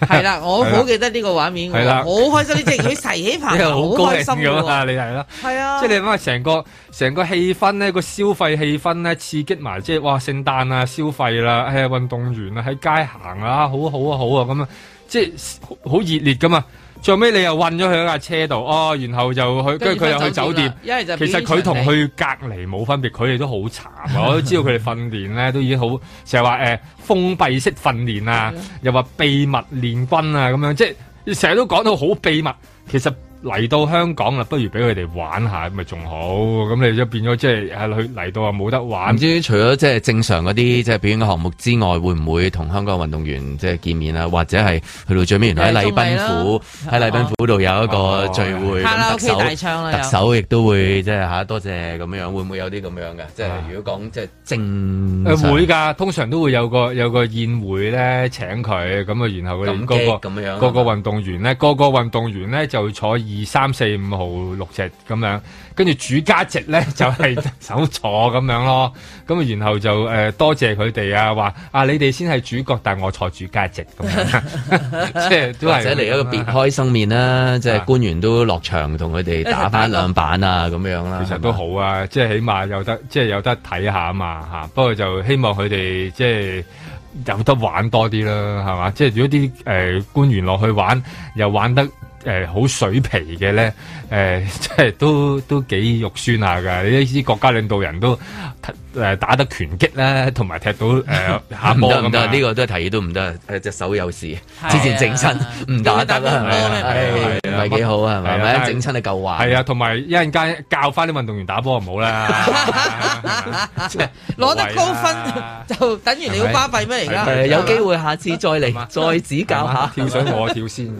C: 係 啦，我好記得
D: 呢個畫面，我好開心呢隻佢齊起棚頭，好開心咁啊！ 你
C: 係啦，係啊，即係你諗下成個成個氣氛咧，個消費氣氛咧，刺激埋，即係，哇！聖誕啊，消費啦，係啊，運動員啊，喺街行啊，好好啊，好啊，咁啊，即係好熱烈噶嘛。最尾你又韞咗佢喺架車度，哦，然後就去，跟住佢又去酒店。就酒店其實佢同去隔離冇分別，佢哋都好慘。 我都知道佢哋訓練咧都已經好，成日話誒封閉式訓練啊，又話秘密練軍啊咁樣，即係成日都講到好秘密，其實嚟到香港啦，不如俾佢哋玩下，咪仲好。咁你就變咗即係係去嚟到啊，冇得玩。唔
B: 知除咗即係正常嗰啲即係表演嘅項目之外，會唔會同香港運動員即係見面啊？或者係去到最尾，原來喺禮賓府喺禮賓府度、啊、有一個聚會，啊啊啊、特首、啊、OK, 大特首亦都會即係吓多謝咁樣樣，會唔會有啲咁樣嘅、啊？即係如果講即係正會㗎、
C: 啊、通常都會有個有個宴會咧，請佢咁啊，然後個樣個樣個個運動員咧，啊、個個運動員咧就坐。二三四五號六隻咁樣，跟住主家席咧就係、是、手坐咁樣咯，咁 啊，然後就誒、呃、多謝佢哋啊，話啊你哋先係主角，但係我坐主家席咁樣，
D: 即 係 都係嚟一個
C: 別開生面啦、啊，即 係官員都落場同佢哋打翻兩板
B: 啊，咁 樣啦，其實都好
C: 啊，即 係起碼有得即係、就是、有得睇下啊嘛吓，不過就希望佢哋即係有得玩多啲啦，係嘛，即、就、係、是、如果啲誒、呃、官員落去玩又玩得。誒、呃，好水皮嘅咧，誒、呃，即係都都幾肉酸下噶。呢啲國家領導人都誒打得拳擊啦，同埋踢到誒、呃、下波咁。唔得呢個
B: 都係提議都唔得。誒
C: 隻手有事，啊、之前整身唔打，打，打，打得啦，係咪？唔係幾好啊？係咪整親你夠壞？係啊，同埋一陣間教翻啲運動員打波就唔好啦。攞得高分
B: 就等於你要巴閉咩而家？有機會下次再嚟再指
A: 教下。跳水我
C: 跳先嘅。